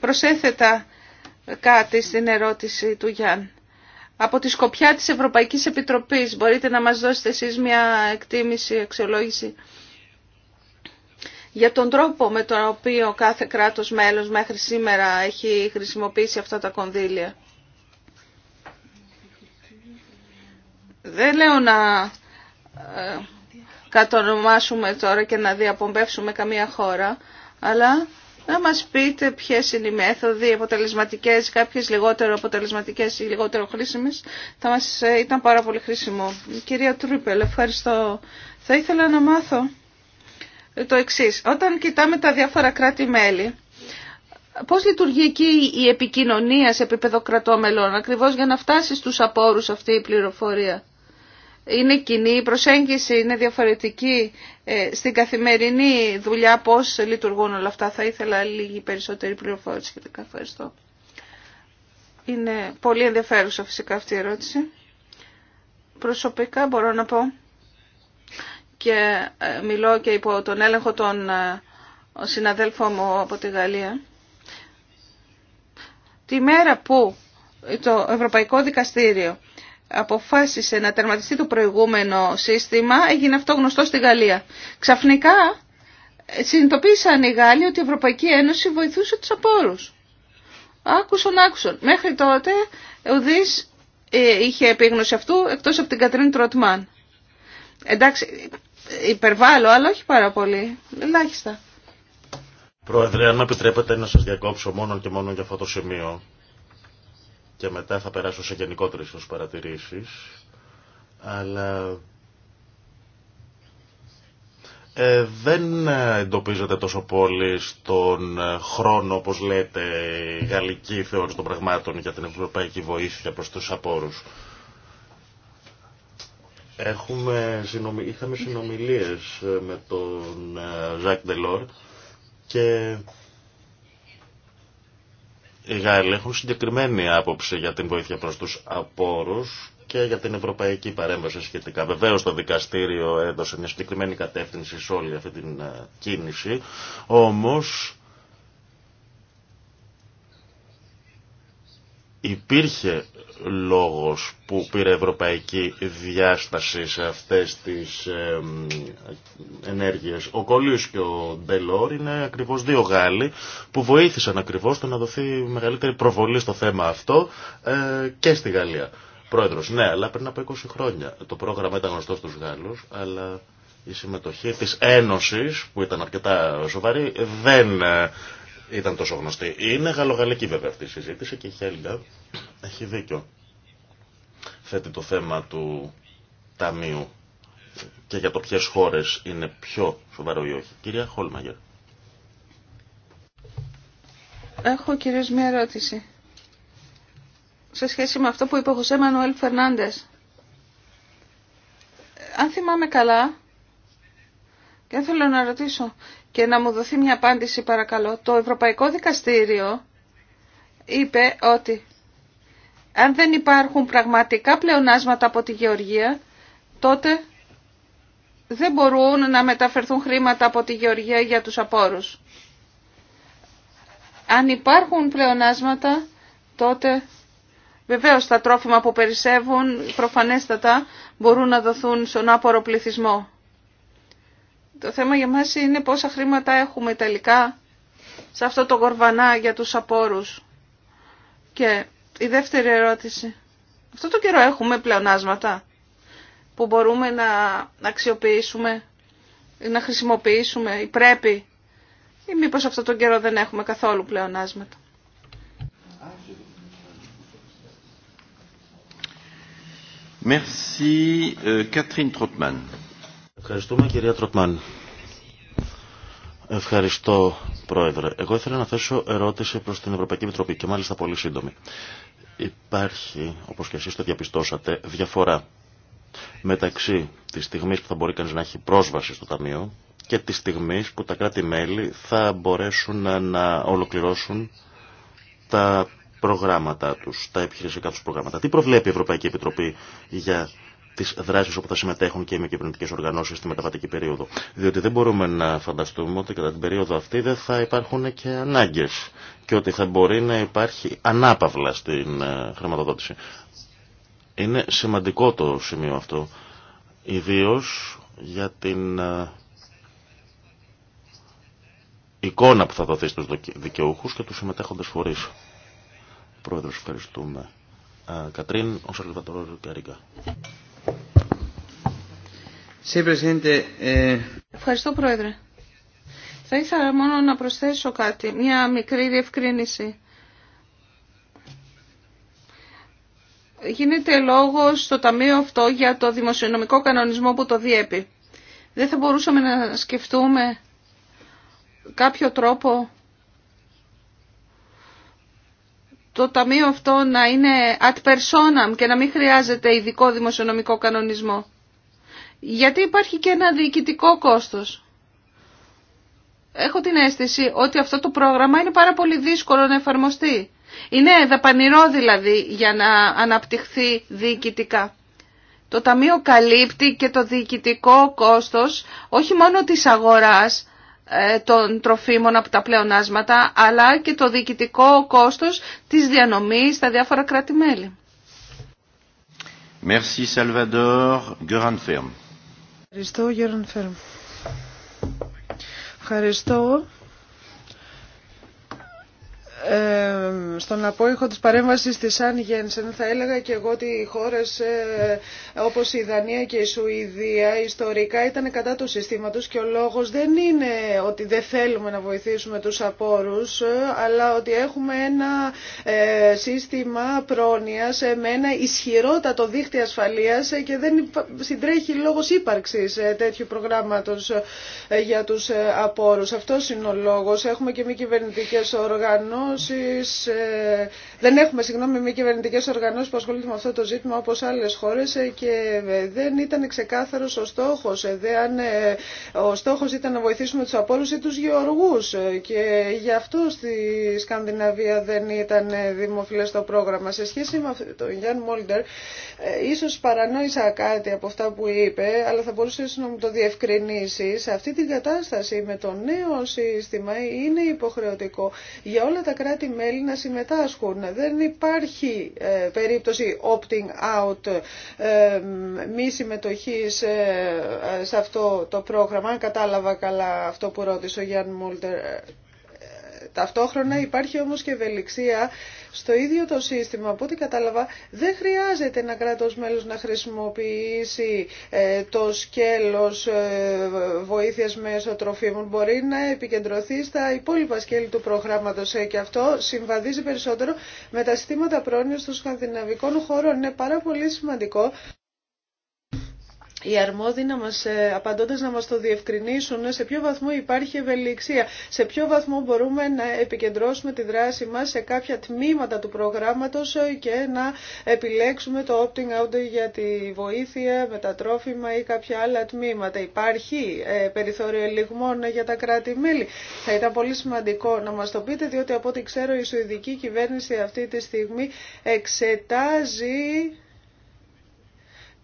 προσέθετα κάτι στην ερώτηση του Γιάν. Από τη σκοπιά της Ευρωπαϊκής Επιτροπής μπορείτε να μας δώσετε εσείς μια εκτίμηση, αξιολόγηση για τον τρόπο με τον οποίο κάθε κράτος μέλος μέχρι σήμερα έχει χρησιμοποιήσει αυτά τα κονδύλια. Δεν λέω να ε, κατονομάσουμε τώρα και να διαπομπεύσουμε καμία χώρα, αλλά να μας πείτε ποιες είναι οι μέθοδοι, αποτελεσματικές, κάποιες λιγότερο αποτελεσματικές ή λιγότερο χρήσιμες. Θα μας ε, ήταν πάρα πολύ χρήσιμο. Κυρία Τρούπελ, ευχαριστώ. Θα ήθελα να μάθω ε, το εξή: Όταν κοιτάμε τα διάφορα κράτη-μέλη, Πώς λειτουργεί εκεί η επικοινωνία σε επίπεδο κρατών ακριβώς για να φτάσει στους απόρους αυτή η πληροφορία είναι κοινή η προσέγγιση, είναι διαφορετική ε, στην καθημερινή δουλειά πώς λειτουργούν όλα αυτά. Θα ήθελα λίγη περισσότερη πληροφόρηση σχετικά. Ευχαριστώ. Είναι πολύ ενδιαφέρουσα φυσικά αυτή η ερώτηση. Προσωπικά μπορώ να πω και ε, μιλώ και υπό τον έλεγχο των ε, συναδέλφων μου από τη Γαλλία. Τη μέρα που το Ευρωπαϊκό Δικαστήριο αποφάσισε να τερματιστεί το προηγούμενο σύστημα, έγινε αυτό γνωστό στη Γαλλία. Ξαφνικά συνειδητοποίησαν οι Γάλλοι ότι η Ευρωπαϊκή Ένωση βοηθούσε τους απόρους. Άκουσαν, άκουσον. Μέχρι τότε ο Δης ε, είχε επίγνωση αυτού εκτός από την Κατρίνη Τροτμάν. Εντάξει, υπερβάλλω, αλλά όχι πάρα πολύ. Ελάχιστα. Πρόεδρε, αν με επιτρέπετε να σας διακόψω μόνο και μόνο για αυτό το σημείο, και μετά θα περάσω σε γενικότερες τους παρατηρήσεις, αλλά ε, δεν εντοπίζεται τόσο πολύ στον ε, χρόνο, όπως λέτε, η γαλλική θεώρηση των πραγμάτων για την ευρωπαϊκή βοήθεια προς τους απόρους. Έχουμε, είχαμε συνομιλίες ε, με τον Ζακ Ντελόρ και οι Γάλλοι έχουν συγκεκριμένη άποψη για την βοήθεια προς τους απόρους και για την ευρωπαϊκή παρέμβαση σχετικά. Βεβαίως το δικαστήριο έδωσε μια συγκεκριμένη κατεύθυνση σε όλη αυτή την ε, κίνηση, όμως υπήρχε λόγος που πήρε ευρωπαϊκή διάσταση σε αυτές τις ε, ενέργειες. Ο Κολίος και ο Ντελόρ είναι ακριβώς δύο Γάλλοι που βοήθησαν ακριβώς το να δοθεί μεγαλύτερη προβολή στο θέμα αυτό ε, και στη Γαλλία. Πρόεδρος, ναι, αλλά πριν από 20 χρόνια. Το πρόγραμμα ήταν γνωστό στους Γάλλους, αλλά η συμμετοχή της Ένωσης, που ήταν αρκετά σοβαρή, δεν ε, ήταν τόσο γνωστή. Είναι γαλλογαλλική βέβαια αυτή η συζήτηση και η Χέλγα έχει δίκιο. Θέτει το θέμα του ταμείου και για το ποιε χώρε είναι πιο σοβαρό ή όχι. Κυρία Χόλμαγερ. Έχω κυρίως μια ερώτηση. Σε σχέση με αυτό που είπε ο Χωσέ Μανουέλ Φερνάντες. Αν θυμάμαι καλά, και θέλω να ρωτήσω και να μου δοθεί μια απάντηση παρακαλώ. Το Ευρωπαϊκό Δικαστήριο είπε ότι αν δεν υπάρχουν πραγματικά πλεονάσματα από τη Γεωργία, τότε δεν μπορούν να μεταφερθούν χρήματα από τη Γεωργία για τους απόρους. Αν υπάρχουν πλεονάσματα, τότε βεβαίως τα τρόφιμα που περισσεύουν προφανέστατα μπορούν να δοθούν στον άπορο πληθυσμό. Το θέμα για μας είναι πόσα χρήματα έχουμε τελικά σε αυτό το κορβανά για τους απόρους. Και η δεύτερη ερώτηση. Αυτό το καιρό έχουμε πλεονάσματα που μπορούμε να αξιοποιήσουμε ή να χρησιμοποιήσουμε ή πρέπει ή μήπως αυτό το καιρό δεν έχουμε καθόλου πλεονάσματα. Merci, euh, Catherine Ευχαριστούμε κυρία Τροτμάν. Ευχαριστώ πρόεδρε. Εγώ ήθελα να θέσω ερώτηση προς την Ευρωπαϊκή Επιτροπή και μάλιστα πολύ σύντομη. Υπάρχει, όπως και εσείς το διαπιστώσατε, διαφορά μεταξύ της στιγμής που θα μπορεί κανείς να έχει πρόσβαση στο Ταμείο και της στιγμής που τα κράτη-μέλη θα μπορέσουν να ολοκληρώσουν τα προγράμματα τους, τα επιχειρησιακά τους προγράμματα. Τι προβλέπει η Ευρωπαϊκή Επιτροπή για τις δράσεις όπου θα συμμετέχουν και οι μη κυβερνητικέ οργανώσεις στη μεταβατική περίοδο. Διότι δεν μπορούμε να φανταστούμε ότι κατά την περίοδο αυτή δεν θα υπάρχουν και ανάγκες και ότι θα μπορεί να υπάρχει ανάπαυλα στην ε, χρηματοδότηση. Είναι σημαντικό το σημείο αυτό, ιδίως για την ε, εικόνα που θα δοθεί στους δικαιούχους και τους συμμετέχοντες φορείς. Πρόεδρος, ευχαριστούμε. Ε, Κατρίν, ο Σαλβατορός Καρίγκα. Eh, Ευχαριστώ, Πρόεδρε. Θα ήθελα μόνο να προσθέσω κάτι, μια μικρή διευκρίνηση. Γίνεται λόγο στο Ταμείο αυτό για το δημοσιονομικό κανονισμό που το διέπει. Δεν θα μπορούσαμε να σκεφτούμε κάποιο τρόπο το Ταμείο αυτό να είναι ad personam και να μην χρειάζεται ειδικό δημοσιονομικό κανονισμό γιατί υπάρχει και ένα διοικητικό κόστος. Έχω την αίσθηση ότι αυτό το πρόγραμμα είναι πάρα πολύ δύσκολο να εφαρμοστεί. Είναι δαπανηρό δηλαδή για να αναπτυχθεί διοικητικά. Το Ταμείο καλύπτει και το διοικητικό κόστος όχι μόνο της αγοράς ε, των τροφίμων από τα πλεονάσματα αλλά και το διοικητικό κόστος της διανομής στα διάφορα Merci Salvador Ευχαριστώ, Γέρον Φέρμ. Ευχαριστώ. στον απόϊχο της παρέμβασης της Αν Γένσεν θα έλεγα και εγώ ότι οι χώρες ε, όπως η Δανία και η Σουηδία ιστορικά ήταν κατά του συστήματος και ο λόγος δεν είναι ότι δεν θέλουμε να βοηθήσουμε τους απόρους ε, αλλά ότι έχουμε ένα ε, σύστημα πρόνοιας με ένα ισχυρότατο δίχτυ ασφαλείας και δεν συντρέχει λόγος ύπαρξης τέτοιου προγράμματος για τους απόρους. Αυτός είναι ο λόγος. Έχουμε και μη κυβερνητικέ οργανώσεις, ε, δεν έχουμε συγγνώμη μη κυβερνητικέ οργανώσει που ασχολούνται με αυτό το ζήτημα όπω άλλε χώρε ε, και δεν ήταν ξεκάθαρο ο στόχο. Ε, ο στόχο ήταν να βοηθήσουμε του απόλου ή του γεωργού και γι' αυτό στη Σκανδιναβία δεν ήταν δημοφιλέ το πρόγραμμα. Σε σχέση με τον Γιάνν Μόλντερ, ίσω παρανόησα κάτι από αυτά που είπε, αλλά θα μπορούσε να μου το διευκρινίσει. Σε αυτή την κατάσταση με το νέο σύστημα είναι υποχρεωτικό για όλα τα κράτη-μέλη να συμμετέχουν συμμετάσχουν. Δεν υπάρχει ε, περίπτωση opting out ε, μη συμμετοχή ε, σε αυτό το πρόγραμμα. Αν κατάλαβα καλά αυτό που ρώτησε ο Γιάννη Μούλτερ. Ταυτόχρονα υπάρχει όμως και ευελιξία στο ίδιο το σύστημα, από ό,τι κατάλαβα, δεν χρειάζεται ένα κράτος μέλος να χρησιμοποιήσει ε, το σκέλος ε, βοήθειας μέσω τροφίμων. Μπορεί να επικεντρωθεί στα υπόλοιπα σκέλη του προγράμματος ε, και αυτό συμβαδίζει περισσότερο με τα συστήματα πρόνοιας των σκανδιναβικών χωρών. Είναι πάρα πολύ σημαντικό οι αρμόδιοι να μας, ε, απαντώντας να μας το διευκρινίσουν ε, σε ποιο βαθμό υπάρχει ευελιξία, σε ποιο βαθμό μπορούμε να επικεντρώσουμε τη δράση μας σε κάποια τμήματα του προγράμματος ε, και να επιλέξουμε το opting out για τη βοήθεια με τα τρόφιμα ή κάποια άλλα τμήματα. Υπάρχει περιθώριο ελιγμών για τα κράτη-μέλη. Θα ήταν πολύ σημαντικό να μας το πείτε, διότι από ό,τι ξέρω η Σουηδική κυβέρνηση αυτή τη στιγμή εξετάζει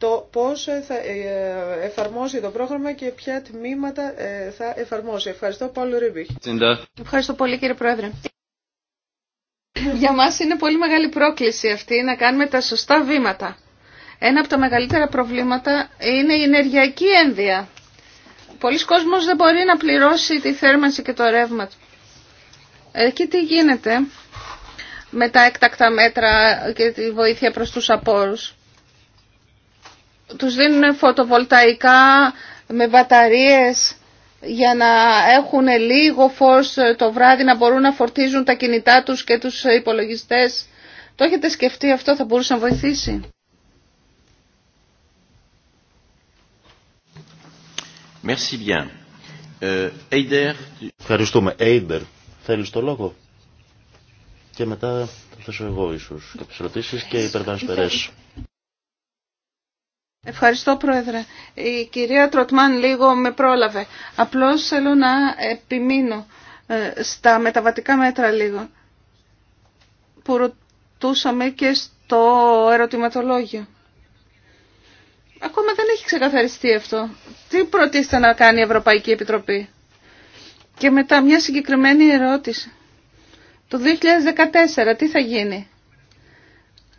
το πώς θα ε, εφαρμόσει το πρόγραμμα και ποια τμήματα ε, θα εφαρμόσει. Ευχαριστώ, Παύλο Ρίμπιχ. Ευχαριστώ πολύ, κύριε Πρόεδρε. Για μας είναι πολύ μεγάλη πρόκληση αυτή να κάνουμε τα σωστά βήματα. Ένα από τα μεγαλύτερα προβλήματα είναι η ενεργειακή ένδυα. Πολλοί κόσμος δεν μπορεί να πληρώσει τη θέρμανση και το ρεύμα του. Εκεί τι γίνεται με τα έκτακτα μέτρα και τη βοήθεια προς τους απόρους τους δίνουν φωτοβολταϊκά με μπαταρίες για να έχουν λίγο φως το βράδυ να μπορούν να φορτίζουν τα κινητά τους και τους υπολογιστές. Το έχετε σκεφτεί αυτό θα μπορούσε να βοηθήσει. Merci bien. Ε, Ευχαριστούμε. Έιντερ, θέλεις το λόγο. Και μετά θα θέσω εγώ ίσως κάποιες ερωτήσεις και υπερβάνεις Ευχαριστώ Πρόεδρε. Η κυρία Τροτμάν λίγο με πρόλαβε. Απλώς θέλω να επιμείνω ε, στα μεταβατικά μέτρα λίγο που ρωτούσαμε και στο ερωτηματολόγιο. Ακόμα δεν έχει ξεκαθαριστεί αυτό. Τι προτίθεται να κάνει η Ευρωπαϊκή Επιτροπή. Και μετά μια συγκεκριμένη ερώτηση. Το 2014 τι θα γίνει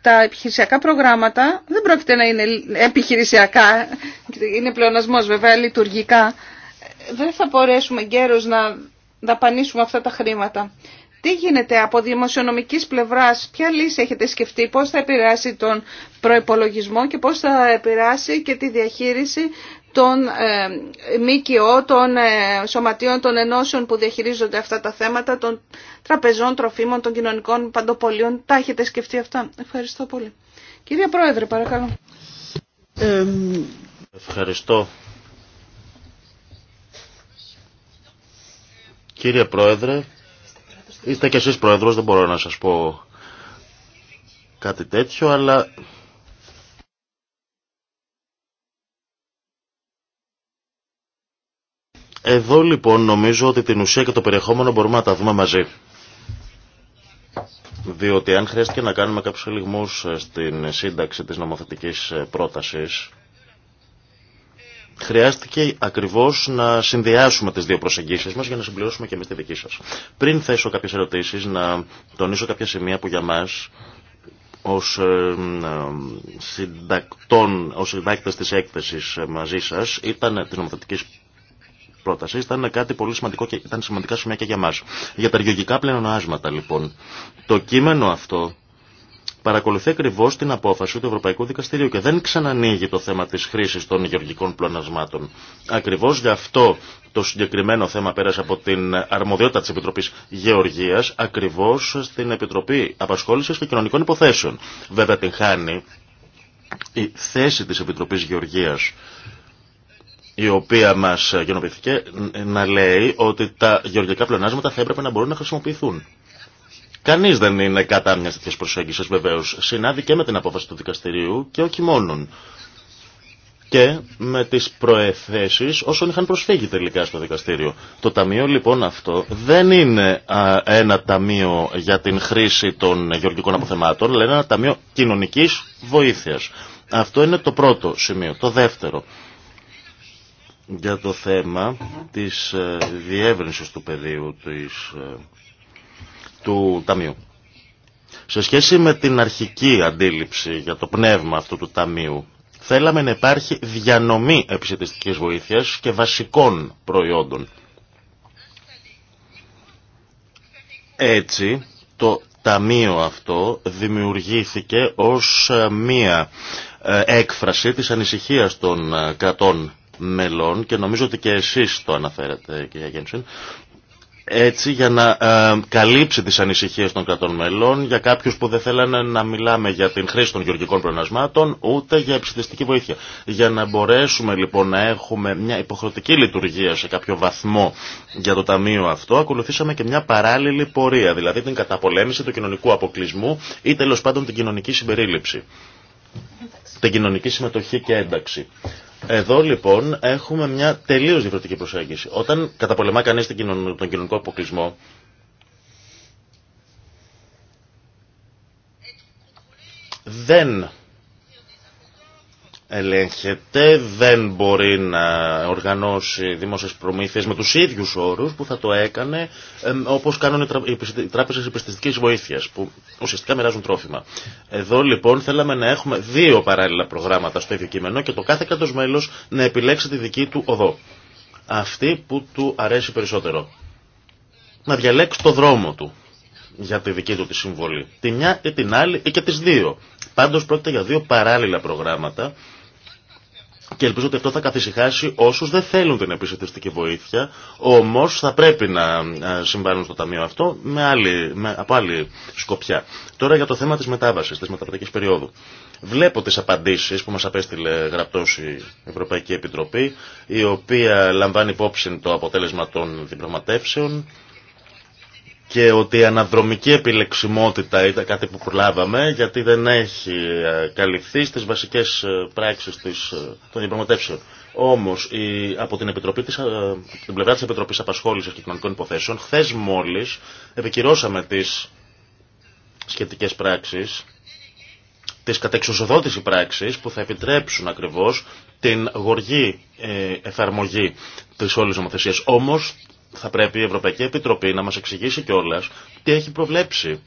τα επιχειρησιακά προγράμματα δεν πρόκειται να είναι επιχειρησιακά, είναι πλεονασμός βέβαια, λειτουργικά. Δεν θα μπορέσουμε γέρος να δαπανίσουμε αυτά τα χρήματα. Τι γίνεται από δημοσιονομικής πλευράς, ποια λύση έχετε σκεφτεί, πώς θα επηρεάσει τον προϋπολογισμό και πώς θα επηρεάσει και τη διαχείριση των ε, ΜΚΟ, των ε, σωματείων των ενώσεων που διαχειρίζονται αυτά τα θέματα, των τραπεζών, τροφίμων, των κοινωνικών παντοπολίων. Τα έχετε σκεφτεί αυτά. Ευχαριστώ πολύ. Κυρία Πρόεδρε, παρακαλώ. Ευχαριστώ. Κύριε Πρόεδρε, είστε και εσείς Πρόεδρος, δεν μπορώ να σας πω κάτι τέτοιο, αλλά Εδώ λοιπόν νομίζω ότι την ουσία και το περιεχόμενο μπορούμε να τα δούμε μαζί. Διότι αν χρειάστηκε να κάνουμε κάποιους ελιγμούς ε, στην σύνταξη της νομοθετικής ε, πρότασης, χρειάστηκε ακριβώς να συνδυάσουμε τις δύο προσεγγίσεις μας για να συμπληρώσουμε και εμείς τη δική σας. Πριν θέσω κάποιες ερωτήσεις, να τονίσω κάποια σημεία που για μας ως, ε, συντακτών, ως συντάκτες της έκθεσης μαζί σας ήταν της νομοθετικής πρόταση ήταν κάτι πολύ σημαντικό και ήταν σημαντικά σημεία και για μα. Για τα αργιογικά πλεονάσματα λοιπόν. Το κείμενο αυτό παρακολουθεί ακριβώ την απόφαση του Ευρωπαϊκού Δικαστηρίου και δεν ξανανοίγει το θέμα τη χρήση των γεωργικών πλονασμάτων. Ακριβώ γι' αυτό το συγκεκριμένο θέμα πέρασε από την αρμοδιότητα τη Επιτροπή Γεωργία, ακριβώ στην Επιτροπή Απασχόληση και Κοινωνικών Υποθέσεων. Βέβαια την χάνει η θέση τη Επιτροπή Γεωργία η οποία μας γενοποιηθήκε να λέει ότι τα γεωργικά πλεονάσματα θα έπρεπε να μπορούν να χρησιμοποιηθούν. Κανείς δεν είναι κατά μια τέτοια προσέγγισης βεβαίως. Συνάδει και με την απόφαση του δικαστηρίου και όχι μόνον. Και με τις προεθέσεις όσων είχαν προσφύγει τελικά στο δικαστήριο. Το ταμείο λοιπόν αυτό δεν είναι ένα ταμείο για την χρήση των γεωργικών αποθεμάτων, αλλά είναι ένα ταμείο κοινωνικής βοήθειας. Αυτό είναι το πρώτο σημείο. Το δεύτερο για το θέμα της ε, διεύρυνσης του πεδίου ε, του Ταμείου. Σε σχέση με την αρχική αντίληψη για το πνεύμα αυτού του Ταμείου, θέλαμε να υπάρχει διανομή επιστημιστικής βοήθειας και βασικών προϊόντων. Έτσι, το Ταμείο αυτό δημιουργήθηκε ως ε, μία έκφραση της ανησυχίας των κρατών μελών και νομίζω ότι και εσείς το αναφέρατε κυρία Γένσεν έτσι για να ε, καλύψει τις ανησυχίες των κρατών μελών για κάποιους που δεν θέλανε να μιλάμε για την χρήση των γεωργικών προνασμάτων ούτε για επιστηστική βοήθεια. Για να μπορέσουμε λοιπόν να έχουμε μια υποχρεωτική λειτουργία σε κάποιο βαθμό για το ταμείο αυτό ακολουθήσαμε και μια παράλληλη πορεία, δηλαδή την καταπολέμηση του κοινωνικού αποκλεισμού ή τέλος πάντων την κοινωνική συμπερίληψη, την κοινωνική συμμετοχή και ένταξη. Εδώ λοιπόν έχουμε μια τελείω διαφορετική προσέγγιση. Όταν καταπολεμά κανεί τον κοινωνικό αποκλεισμό, δεν ελέγχεται, δεν μπορεί να οργανώσει δημόσιες προμήθειες με τους ίδιους όρους που θα το έκανε όπως κάνουν οι τράπεζες επιστημικής βοήθειας που ουσιαστικά μοιράζουν τρόφιμα. Εδώ λοιπόν θέλαμε να έχουμε δύο παράλληλα προγράμματα στο ίδιο κείμενο και το κάθε κράτος μέλος να επιλέξει τη δική του οδό. Αυτή που του αρέσει περισσότερο. Να διαλέξει το δρόμο του για τη δική του τη συμβολή. Τη μια ή την άλλη ή και τις δύο. Πάντως πρόκειται για δύο παράλληλα προγράμματα και ελπίζω ότι αυτό θα καθησυχάσει όσους δεν θέλουν την επισκεπτική βοήθεια, όμως θα πρέπει να ε, συμβάλλουν στο ταμείο αυτό με από άλλη σκοπιά. Τώρα για το θέμα της μετάβασης, της μεταβατικής περίοδου. Βλέπω τις απαντήσεις που μας απέστειλε γραπτός η Ευρωπαϊκή Επιτροπή, η οποία λαμβάνει υπόψη το αποτέλεσμα των διπλωματεύσεων και ότι η αναδρομική επιλεξιμότητα ήταν κάτι που προλάβαμε γιατί δεν έχει ε, καλυφθεί στις βασικές ε, πράξεις της, ε, των διαπραγματεύσεων. Όμως από την, Επιτροπή της, την πλευρά τη Επιτροπή Απασχόλησης και Κοινωνικών Υποθέσεων χθε μόλις επικυρώσαμε τις σχετικές πράξεις τις κατεξοσοδότηση πράξεις που θα επιτρέψουν ακριβώ την γοργή εφαρμογή τη όλης νομοθεσία. Όμως θα πρέπει η Ευρωπαϊκή Επιτροπή να μας εξηγήσει κιόλα τι έχει προβλέψει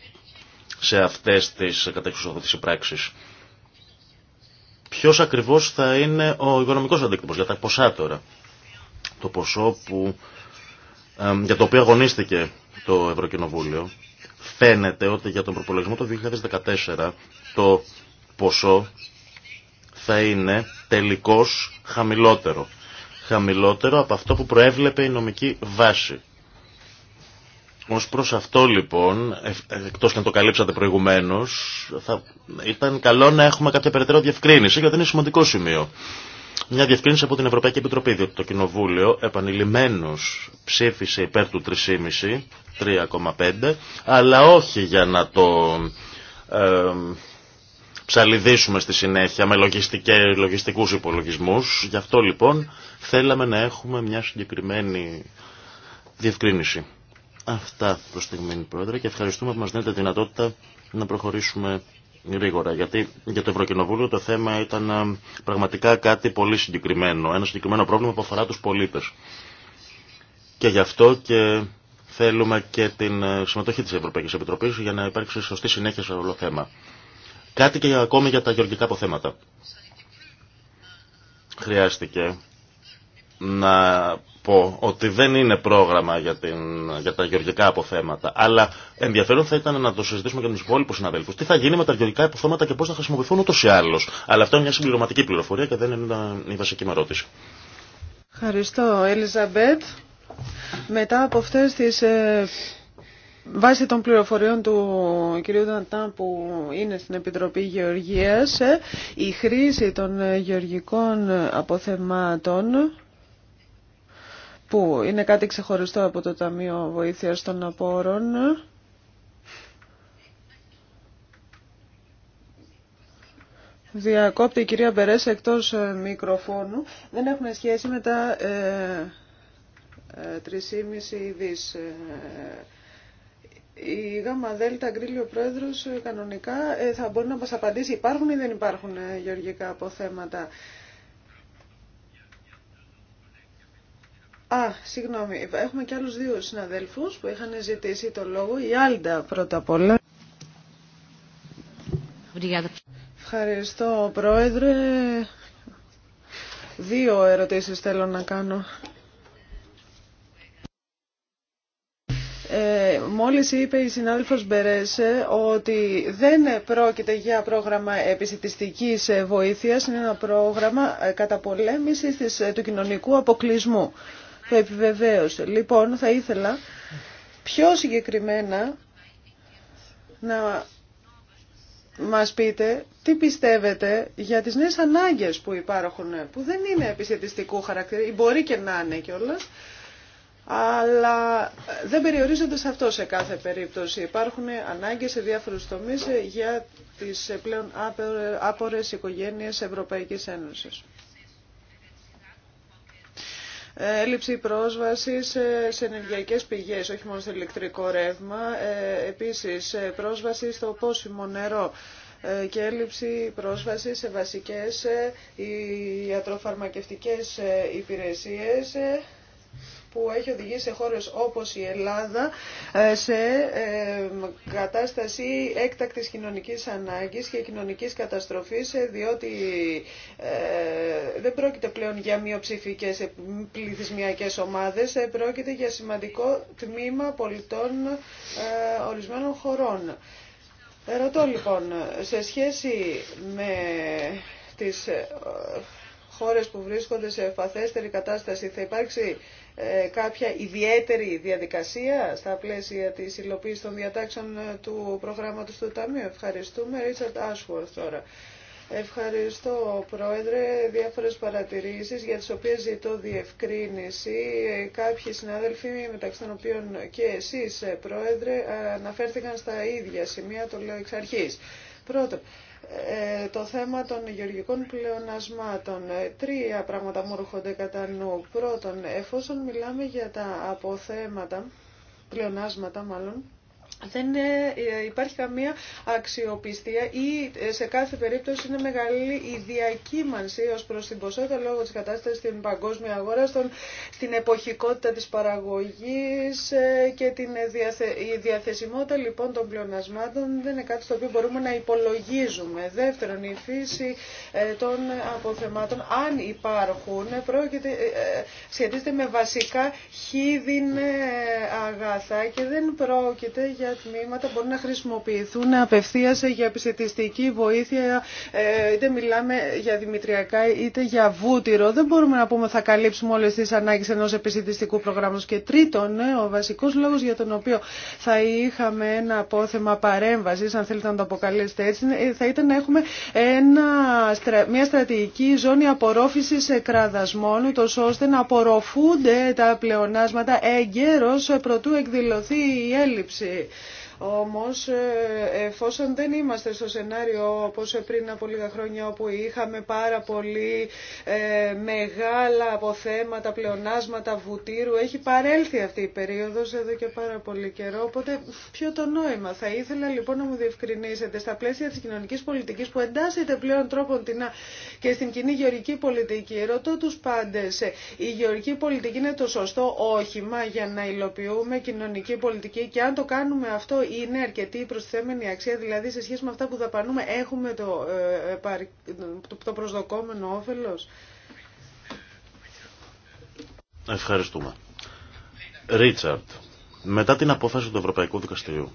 σε αυτές τις κατεξουσιοδότηση πράξεις. Ποιος ακριβώς θα είναι ο οικονομικός αντίκτυπος για τα ποσά τώρα. Το ποσό που, για το οποίο αγωνίστηκε το Ευρωκοινοβούλιο φαίνεται ότι για τον προπολογισμό του 2014 το ποσό θα είναι τελικώς χαμηλότερο χαμηλότερο από αυτό που προέβλεπε η νομική βάση. Ως προς αυτό λοιπόν, εκτός και αν το καλύψατε προηγουμένως, θα ήταν καλό να έχουμε κάποια περαιτέρω διευκρίνηση γιατί είναι σημαντικό σημείο. Μια διευκρίνηση από την Ευρωπαϊκή Επιτροπή, διότι το Κοινοβούλιο επανειλημμένως ψήφισε υπέρ του 3,5, 3,5, αλλά όχι για να το ε, ψαλιδίσουμε στη συνέχεια με λογιστικούς υπολογισμούς. Γι' αυτό λοιπόν θέλαμε να έχουμε μια συγκεκριμένη διευκρίνηση. Αυτά προς τη στιγμή, Πρόεδρε, και ευχαριστούμε που μας δίνετε τη δυνατότητα να προχωρήσουμε γρήγορα. Γιατί για το Ευρωκοινοβούλιο το θέμα ήταν πραγματικά κάτι πολύ συγκεκριμένο. Ένα συγκεκριμένο πρόβλημα που αφορά τους πολίτες. Και γι' αυτό και θέλουμε και την ε, συμμετοχή της Ευρωπαϊκής Επιτροπής για να υπάρξει σωστή συνέχεια σε όλο το θέμα. Κάτι και ακόμη για τα γεωργικά αποθέματα. Χρειάστηκε να πω ότι δεν είναι πρόγραμμα για, την, για τα γεωργικά αποθέματα, αλλά ενδιαφέρον θα ήταν να το συζητήσουμε και με του υπόλοιπου συναδέλφου. Τι θα γίνει με τα γεωργικά αποθέματα και πώ θα χρησιμοποιηθούν ούτω ή άλλω. Αλλά αυτό είναι μια συμπληρωματική πληροφορία και δεν είναι η βασική μου ερώτηση. Ευχαριστώ, Μπετ. Μετά από αυτές τις ε, Βάσει των πληροφοριών του κ. Δαντάν που είναι στην Επιτροπή Γεωργίας, ε, η χρήση των γεωργικών αποθεμάτων που είναι κάτι ξεχωριστό από το Ταμείο Βοήθειας των Απόρων, Διακόπτει η κυρία Μπερέσα εκτός ε, μικροφώνου. Δεν έχουν σχέση με τα 3,5 ε, δις η ΓΑΜΑ ΔΕΛΤΑ Γκρίλιο Πρόεδρος ε, κανονικά ε, θα μπορεί να μας απαντήσει υπάρχουν ή δεν υπάρχουν ε, γεωργικά αποθέματα. Α, συγγνώμη, έχουμε και άλλους δύο συναδέλφους που είχαν ζητήσει το λόγο. Η Άλντα πρώτα απ' όλα. Ευχαριστώ Πρόεδρε. Δύο ερωτήσεις θέλω να κάνω. Ε, μόλις είπε η συνάδελφος Μπερέσε ότι δεν πρόκειται για πρόγραμμα επισητιστικής βοήθειας, είναι ένα πρόγραμμα καταπολέμησης της, του κοινωνικού αποκλεισμού. Το επιβεβαίωσε. Λοιπόν, θα ήθελα πιο συγκεκριμένα να μας πείτε τι πιστεύετε για τις νέες ανάγκες που υπάρχουν, που δεν είναι επισητιστικού χαρακτήρα, ή μπορεί και να είναι κιόλας, αλλά δεν περιορίζονται σε αυτό σε κάθε περίπτωση. Υπάρχουν ανάγκες σε διάφορους τομείς για τις πλέον άπορες οικογένειες Ευρωπαϊκής Ένωσης. Έλλειψη πρόσβασης σε ενεργειακές πηγές, όχι μόνο στο ηλεκτρικό ρεύμα, ε, επίσης ε, πρόσβαση στο πόσιμο νερό ε, και έλλειψη πρόσβαση σε βασικές ιατροφαρμακευτικές υπηρεσίες που έχει οδηγήσει σε χώρες όπως η Ελλάδα ε, σε ε, κατάσταση έκτακτης κοινωνικής ανάγκης και κοινωνικής καταστροφής ε, διότι δεν πρόκειται πλέον για μειοψηφικές πληθυσμιακές ομάδες, πρόκειται για σημαντικό τμήμα πολιτών ορισμένων χωρών. Ρωτώ λοιπόν, σε σχέση με τις χώρες που βρίσκονται σε ευπαθέστερη κατάσταση. Θα υπάρξει ε, κάποια ιδιαίτερη διαδικασία στα πλαίσια της υλοποίησης των διατάξεων ε, του προγράμματος του Ταμείου. Ευχαριστούμε. Ρίτσαρτ Άσουορθ τώρα. Ευχαριστώ, Πρόεδρε. Διάφορες παρατηρήσεις για τις οποίες ζητώ διευκρίνηση. Ε, κάποιοι συνάδελφοι, μεταξύ των οποίων και εσείς, Πρόεδρε, αναφέρθηκαν στα ίδια σημεία, το λέω εξ Πρώτον, ε, το θέμα των γεωργικών πλεονασμάτων. Ε, τρία πράγματα μου έρχονται κατά νου. Πρώτον, εφόσον μιλάμε για τα αποθέματα, πλεονάσματα μάλλον, δεν ε, υπάρχει καμία αξιοπιστία ή ε, σε κάθε περίπτωση είναι μεγάλη η διακύμανση ως προς την ποσότητα λόγω της κατάστασης στην παγκόσμια αγορά, στον, στην εποχικότητα της παραγωγής ε, και την η διαθεσιμότητα λοιπόν των πλεονασμάτων δεν είναι κάτι στο οποίο μπορούμε να υπολογίζουμε. Δεύτερον, η φύση των αποθεμάτων, αν υπάρχουν, πρόκειται, σχετίζεται με βασικά χίδιν αγαθά και δεν πρόκειται για τμήματα μπορούν να χρησιμοποιηθούν απευθεία για επιστημιστική βοήθεια, ε, είτε μιλάμε για δημητριακά είτε για βούτυρο. Δεν μπορούμε να πούμε θα καλύψουμε όλε τι ανάγκε ενό επιστημιστικού προγράμματο. Και τρίτον, ε, ο βασικό λόγο για τον οποίο θα είχαμε ένα απόθεμα παρέμβαση, αν θέλετε να το αποκαλέσετε έτσι, ε, θα ήταν να έχουμε ένα, μια στρατηγική ζώνη απορρόφηση κραδασμών, ούτω ώστε να απορροφούνται τα πλεονάσματα εγκαίρω προτού εκδηλωθεί η έλλειψη. Όμως ε, εφόσον δεν είμαστε στο σενάριο όπως πριν από λίγα χρόνια όπου είχαμε πάρα πολύ ε, μεγάλα αποθέματα, πλεονάσματα βουτύρου, έχει παρέλθει αυτή η περίοδος εδώ και πάρα πολύ καιρό, οπότε ποιο το νόημα. Θα ήθελα λοιπόν να μου διευκρινίσετε στα πλαίσια της κοινωνικής πολιτικής που εντάσσεται πλέον τρόπον την και στην κοινή γεωρική πολιτική. Ρωτώ τους πάντες, ε, η γεωρική πολιτική είναι το σωστό όχημα για να υλοποιούμε κοινωνική πολιτική και αν το κάνουμε αυτό είναι αρκετή η προσθέμενη αξία, δηλαδή σε σχέση με αυτά που δαπανούμε έχουμε ε, ε, το, το προσδοκόμενο όφελος. Ευχαριστούμε. Ρίτσαρτ, μετά την απόφαση του Ευρωπαϊκού Δικαστηρίου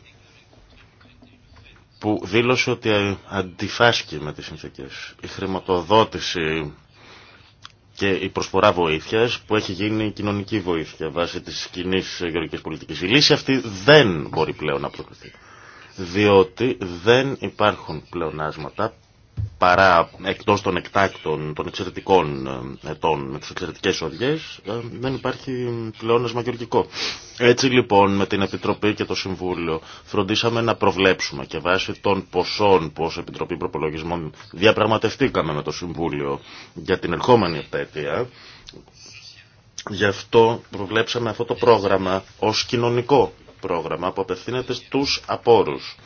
που δήλωσε ότι αντιφάσκει με τις συνθήκες η χρηματοδότηση και η προσφορά βοήθεια που έχει γίνει κοινωνική βοήθεια βάσει τη κοινή γεωργική πολιτική. Η λύση αυτή δεν μπορεί πλέον να προκριθεί. Διότι δεν υπάρχουν πλεονάσματα παρά εκτός των εκτάκτων, των εξαιρετικών ε, ετών, με τις εξαιρετικές οδιές, ε, δεν υπάρχει πλεόνασμα γεωργικό. Έτσι λοιπόν με την Επιτροπή και το Συμβούλιο φροντίσαμε να προβλέψουμε και βάσει των ποσών που ως Επιτροπή Προπολογισμών διαπραγματευτήκαμε με το Συμβούλιο για την ερχόμενη επέτεια, Γι' αυτό προβλέψαμε αυτό το πρόγραμμα ως κοινωνικό πρόγραμμα που απευθύνεται στους απόρους.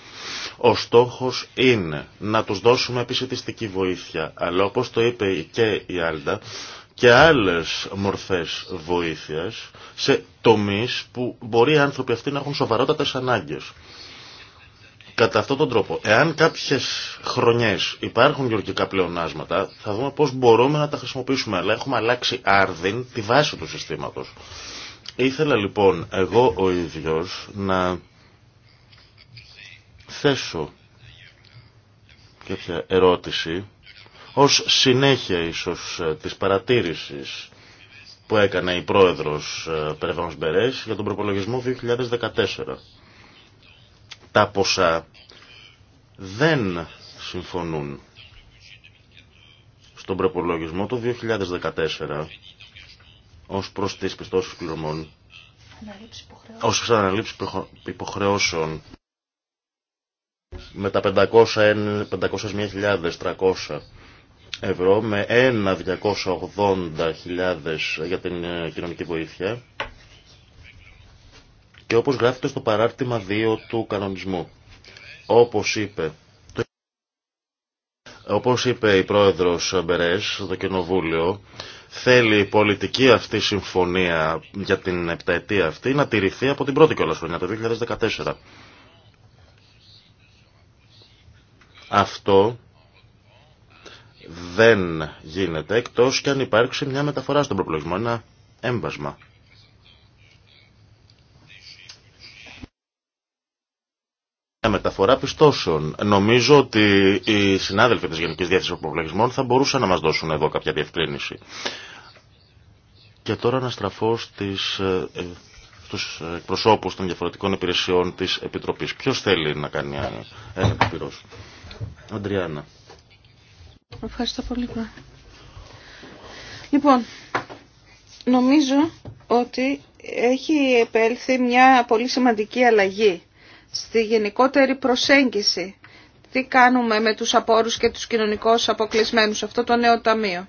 Ο στόχος είναι να τους δώσουμε επισητιστική βοήθεια, αλλά όπως το είπε και η Άλντα, και άλλες μορφές βοήθειας σε τομείς που μπορεί οι άνθρωποι αυτοί να έχουν σοβαρότατες ανάγκες. Κατά αυτόν τον τρόπο, εάν κάποιες χρονιές υπάρχουν γεωργικά πλεονάσματα, θα δούμε πώς μπορούμε να τα χρησιμοποιήσουμε, αλλά έχουμε αλλάξει άρδιν τη βάση του συστήματος. Ήθελα λοιπόν εγώ ο ίδιος να θέσω κάποια ερώτηση ως συνέχεια ίσως ε, της παρατήρησης που έκανε η πρόεδρος ε, Περβάνος Μπερές για τον προπολογισμό 2014. Τα ποσά δεν συμφωνούν στον προπολογισμό του 2014 ω προς τις πιστώσει πληρωμών, ως τι αναλήψεις υποχρεώσεων με τα 501.300 ευρώ με 1.280.000 για την ε, κοινωνική βοήθεια και όπως γράφεται στο παράρτημα 2 του κανονισμού. Όπως είπε όπως είπε η πρόεδρος Μπερές, το κοινοβούλιο, θέλει η πολιτική αυτή συμφωνία για την επταετία αυτή να τηρηθεί από την πρώτη κιόλας χρονιά, το 2014. Αυτό δεν γίνεται εκτός και αν υπάρξει μια μεταφορά στον προπλογισμό, ένα έμβασμα. μεταφορά πιστώσεων. Νομίζω ότι οι συνάδελφοι της Γενικής Διεύθυνσης Αποπλαγισμών θα μπορούσαν να μας δώσουν εδώ κάποια διευκρίνηση. Και τώρα να στραφώ στις, ε, στους εκπροσώπους των διαφορετικών υπηρεσιών της Επιτροπής. Ποιος θέλει να κάνει ένα επιπυρός. Αντριάννα. Ευχαριστώ πολύ. Λοιπόν, νομίζω ότι έχει επέλθει μια πολύ σημαντική αλλαγή στη γενικότερη προσέγγιση. Τι κάνουμε με τους απόρους και τους κοινωνικούς αποκλεισμένους, αυτό το νέο ταμείο.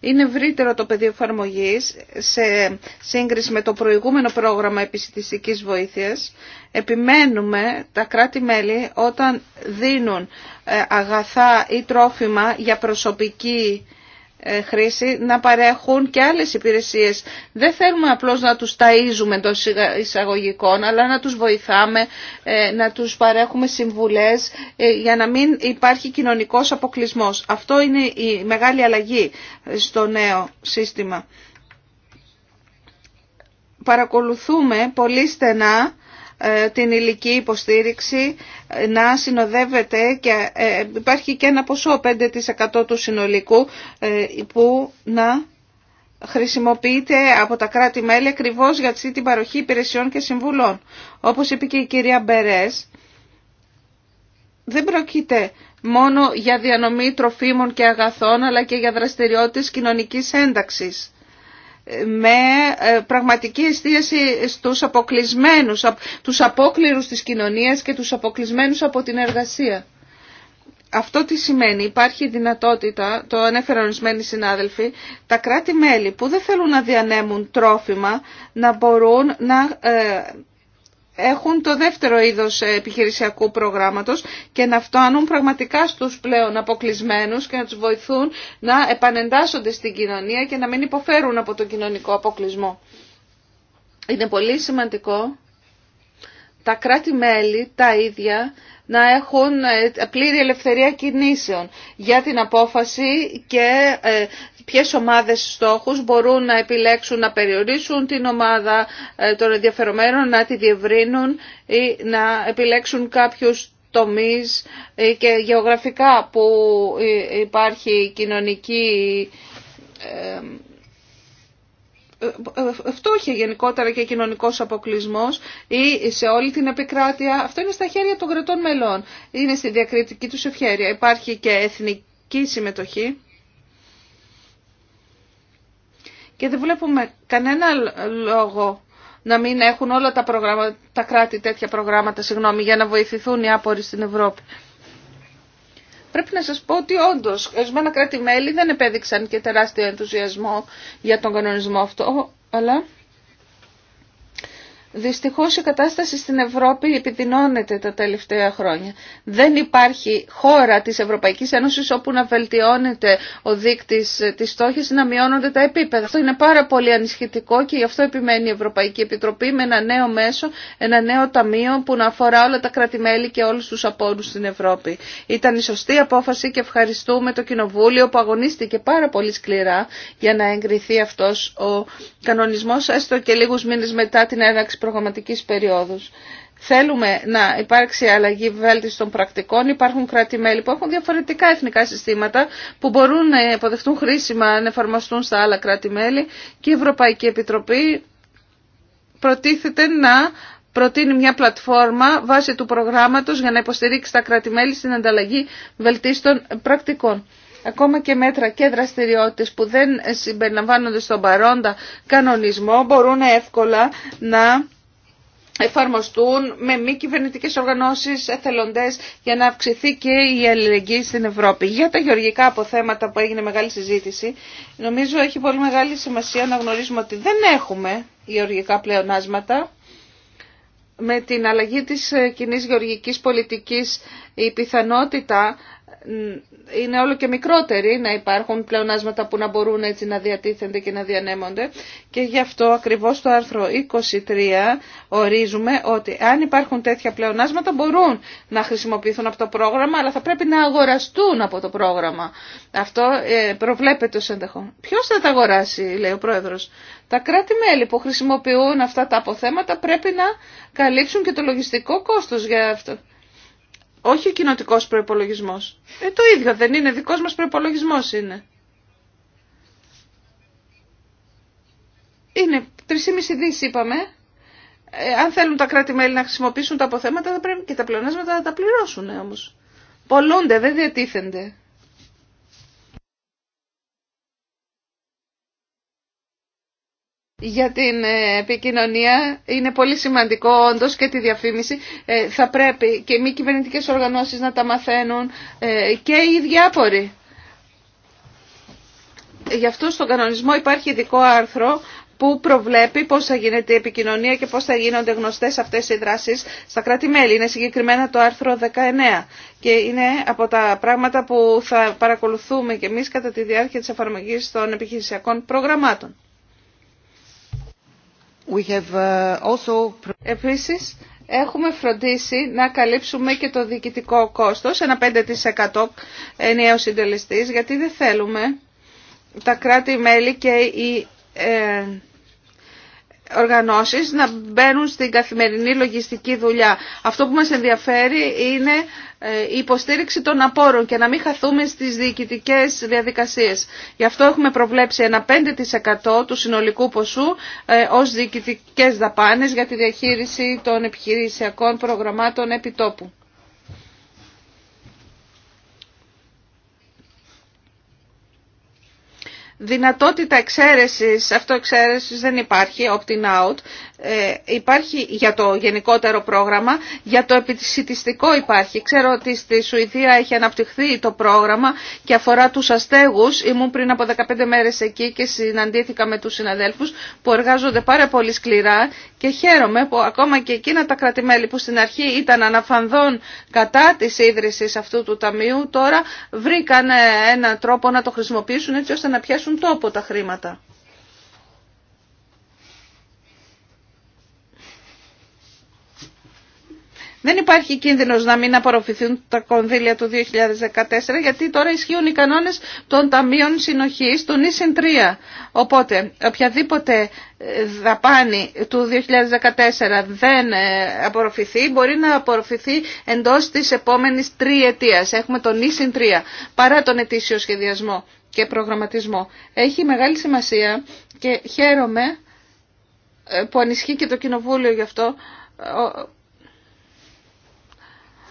Είναι ευρύτερο το πεδίο εφαρμογή σε σύγκριση με το προηγούμενο πρόγραμμα επιστημιστικής βοήθειας. Επιμένουμε τα κράτη-μέλη όταν δίνουν ε, αγαθά ή τρόφιμα για προσωπική ε, χρήση να παρέχουν και άλλες υπηρεσίες. Δεν θέλουμε απλώς να τους ταΐζουμε εντό εισαγωγικών, αλλά να τους βοηθάμε, ε, να τους παρέχουμε συμβουλές ε, για να μην υπάρχει κοινωνικός αποκλεισμός. Αυτό είναι η μεγάλη αλλαγή στο νέο σύστημα. Παρακολουθούμε πολύ στενά ε, την ηλική υποστήριξη ε, να συνοδεύεται και ε, υπάρχει και ένα ποσό 5% του συνολικού που να χρησιμοποιείται από τα κράτη-μέλη ακριβώ για την παροχή υπηρεσιών και συμβουλών. Όπως είπε και η κυρία Μπερές, δεν πρόκειται μόνο για διανομή τροφίμων και αγαθών, αλλά και για δραστηριότητες κοινωνικής ένταξης με ε, πραγματική εστίαση στους αποκλεισμένους, τους απόκληρους της κοινωνίας και τους αποκλεισμένους από την εργασία. Αυτό τι σημαίνει, υπάρχει δυνατότητα, το ανέφεραν ορισμένοι συνάδελφοι, τα κράτη-μέλη που δεν θέλουν να διανέμουν τρόφιμα να μπορούν να ε, έχουν το δεύτερο είδος ε, επιχειρησιακού προγράμματος και να φτάνουν πραγματικά στους πλέον αποκλεισμένους και να τους βοηθούν να επανεντάσσονται στην κοινωνία και να μην υποφέρουν από τον κοινωνικό αποκλεισμό. Είναι πολύ σημαντικό τα κράτη-μέλη τα ίδια να έχουν ε, πλήρη ελευθερία κινήσεων για την απόφαση και ε, ποιες ομάδες στόχους μπορούν να επιλέξουν να περιορίσουν την ομάδα ε, των ενδιαφερομένων, να τη διευρύνουν ή να επιλέξουν κάποιους τομείς ε, και γεωγραφικά που ε, υπάρχει κοινωνική φτώχεια γενικότερα και κοινωνικός αποκλεισμός ή σε όλη την επικράτεια. Αυτό είναι στα χέρια των κρατών μελών. Είναι στη διακριτική τους ευχέρεια. Υπάρχει και εθνική συμμετοχή. Και δεν βλέπουμε κανένα λόγο να μην έχουν όλα τα, κράτη τέτοια προγράμματα συγγνώμη, για να βοηθηθούν οι άποροι στην Ευρώπη. Πρέπει να σας πω ότι όντως ορισμένα κράτη-μέλη δεν επέδειξαν και τεράστιο ενθουσιασμό για τον κανονισμό αυτό, αλλά Δυστυχώς η κατάσταση στην Ευρώπη επιδεινώνεται τα τελευταία χρόνια. Δεν υπάρχει χώρα της Ευρωπαϊκής Ένωσης όπου να βελτιώνεται ο δείκτης της στόχης να μειώνονται τα επίπεδα. Αυτό είναι πάρα πολύ ανισχυτικό και γι' αυτό επιμένει η Ευρωπαϊκή Επιτροπή με ένα νέο μέσο, ένα νέο ταμείο που να αφορά όλα τα κρατημέλη και όλους τους απόρους στην Ευρώπη. Ήταν η σωστή απόφαση και ευχαριστούμε το Κοινοβούλιο που αγωνίστηκε πάρα πολύ σκληρά για να εγκριθεί αυτός ο κανονισμός, έστω και λίγους μήνες μετά την έναξη προγραμματικής περίοδου. Θέλουμε να υπάρξει αλλαγή βέλτιστων πρακτικών. Υπάρχουν κράτη-μέλη που έχουν διαφορετικά εθνικά συστήματα που μπορούν να υποδεχτούν χρήσιμα αν εφαρμοστούν στα άλλα κράτη-μέλη και η Ευρωπαϊκή Επιτροπή προτίθεται να προτείνει μια πλατφόρμα βάσει του προγράμματος για να υποστηρίξει τα κράτη-μέλη στην ανταλλαγή βελτίστων πρακτικών. Ακόμα και μέτρα και δραστηριότητες που δεν συμπεριλαμβάνονται στον παρόντα κανονισμό μπορούν εύκολα να εφαρμοστούν με μη κυβερνητικέ οργανώσει, εθελοντέ, για να αυξηθεί και η αλληλεγγύη στην Ευρώπη. Για τα γεωργικά αποθέματα που έγινε μεγάλη συζήτηση, νομίζω έχει πολύ μεγάλη σημασία να γνωρίζουμε ότι δεν έχουμε γεωργικά πλεονάσματα. Με την αλλαγή της ε, κοινή γεωργικής πολιτικής η πιθανότητα είναι όλο και μικρότεροι να υπάρχουν πλεονάσματα που να μπορούν έτσι να διατίθενται και να διανέμονται και γι' αυτό ακριβώς το άρθρο 23 ορίζουμε ότι αν υπάρχουν τέτοια πλεονάσματα μπορούν να χρησιμοποιηθούν από το πρόγραμμα αλλά θα πρέπει να αγοραστούν από το πρόγραμμα. Αυτό ε, προβλέπεται ως ενδεχόν. Ποιος θα τα αγοράσει λέει ο πρόεδρος. Τα κράτη-μέλη που χρησιμοποιούν αυτά τα αποθέματα πρέπει να καλύψουν και το λογιστικό κόστος για αυτό. Όχι ο κοινοτικό προπολογισμό. Ε, το ίδιο δεν είναι. Δικό μα προπολογισμό είναι. Είναι 3,5 δις είπαμε. Ε, αν θέλουν τα κράτη-μέλη να χρησιμοποιήσουν τα αποθέματα θα πρέπει και τα πλεονάσματα να τα πληρώσουν όμως. Πολλούνται, δεν διατίθενται. για την ε, επικοινωνία είναι πολύ σημαντικό όντω και τη διαφήμιση. Ε, θα πρέπει και οι μη κυβερνητικές οργανώσεις να τα μαθαίνουν ε, και οι διάποροι. Γι' αυτό στον κανονισμό υπάρχει ειδικό άρθρο που προβλέπει πώς θα γίνεται η επικοινωνία και πώς θα γίνονται γνωστές αυτές οι δράσεις στα κράτη-μέλη. Είναι συγκεκριμένα το άρθρο 19 και είναι από τα πράγματα που θα παρακολουθούμε και εμείς κατά τη διάρκεια της εφαρμογής των επιχειρησιακών προγραμμάτων. We uh, Επίσης, έχουμε φροντίσει να καλύψουμε και το διοικητικό κόστος, ένα 5% ενιαίο συντελεστής, γιατί δεν θέλουμε τα κράτη-μέλη και οι ε, οργανώσεις να μπαίνουν στην καθημερινή λογιστική δουλειά. Αυτό που μας ενδιαφέρει είναι η ε, υποστήριξη των απόρων και να μην χαθούμε στις διοικητικές διαδικασίες. Γι' αυτό έχουμε προβλέψει ένα 5% του συνολικού ποσού ε, ως διοικητικές δαπάνες για τη διαχείριση των επιχειρησιακών προγραμμάτων επιτόπου. Δυνατότητα εξαίρεσης, αυτοεξαίρεσης δεν υπάρχει, out ε, υπάρχει για το γενικότερο πρόγραμμα, για το επισητιστικό υπάρχει. Ξέρω ότι στη Σουηδία έχει αναπτυχθεί το πρόγραμμα και αφορά τους αστέγους. Ήμουν πριν από 15 μέρες εκεί και συναντήθηκα με τους συναδέλφους που εργάζονται πάρα πολύ σκληρά και χαίρομαι που ακόμα και εκείνα τα κρατημέλη που στην αρχή ήταν αναφανδόν κατά της ίδρυσης αυτού του ταμείου τώρα βρήκαν ε, ένα τρόπο να το χρησιμοποιήσουν έτσι ώστε να πιάσουν τον τόπο τα χρήματα. Δεν υπάρχει κίνδυνος να μην απορροφηθούν τα κονδύλια του 2014 γιατί τώρα ισχύουν οι κανόνες των ταμείων συνοχής του νησιν 3. Οπότε οποιαδήποτε ε, δαπάνη του 2014 δεν ε, απορροφηθεί μπορεί να απορροφηθεί εντός της επόμενης τριετίας. Έχουμε τον νησιν 3 παρά τον ετήσιο σχεδιασμό και προγραμματισμό. Έχει μεγάλη σημασία και χαίρομαι ε, που ανισχύει και το Κοινοβούλιο γι' αυτό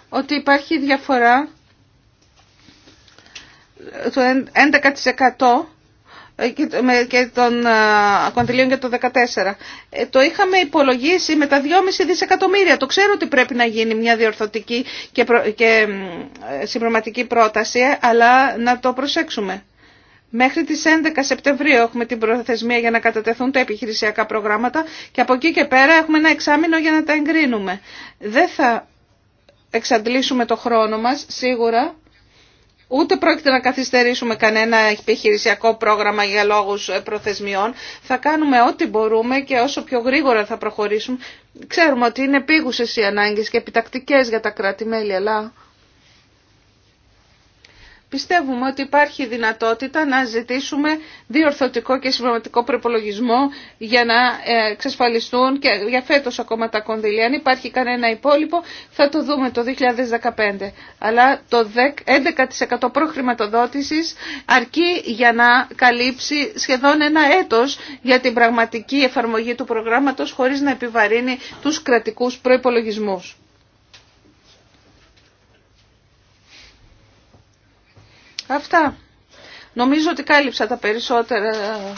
ότι υπάρχει διαφορά ε, το 11% ε, και των κοντιλιών για το 14. Το είχαμε υπολογίσει με τα 2,5 δισεκατομμύρια. Το ξέρω ότι πρέπει να γίνει μια διορθωτική και συμπροματική πρόταση, αλλά να το προσέξουμε. Μέχρι τις 11 Σεπτεμβρίου έχουμε την προθεσμία για να κατατεθούν τα επιχειρησιακά προγράμματα και από εκεί και πέρα έχουμε ένα εξάμεινο για να τα εγκρίνουμε. Δεν θα εξαντλήσουμε το χρόνο μας σίγουρα, ούτε πρόκειται να καθυστερήσουμε κανένα επιχειρησιακό πρόγραμμα για λόγους ε, προθεσμιών. Θα κάνουμε ό,τι μπορούμε και όσο πιο γρήγορα θα προχωρήσουμε. Ξέρουμε ότι είναι επίγουσες οι ανάγκες και επιτακτικές για τα κράτη-μέλη, αλλά... Πιστεύουμε ότι υπάρχει δυνατότητα να ζητήσουμε διορθωτικό και συμπληρωματικό προπολογισμό για να ε, εξασφαλιστούν και για φέτος ακόμα τα κονδύλια. Αν υπάρχει κανένα υπόλοιπο θα το δούμε το 2015. Αλλά το 11% προχρηματοδότησης αρκεί για να καλύψει σχεδόν ένα έτος για την πραγματική εφαρμογή του προγράμματος χωρίς να επιβαρύνει τους κρατικούς προϋπολογισμούς. Αυτά. Νομίζω ότι κάλυψα τα περισσότερα ε,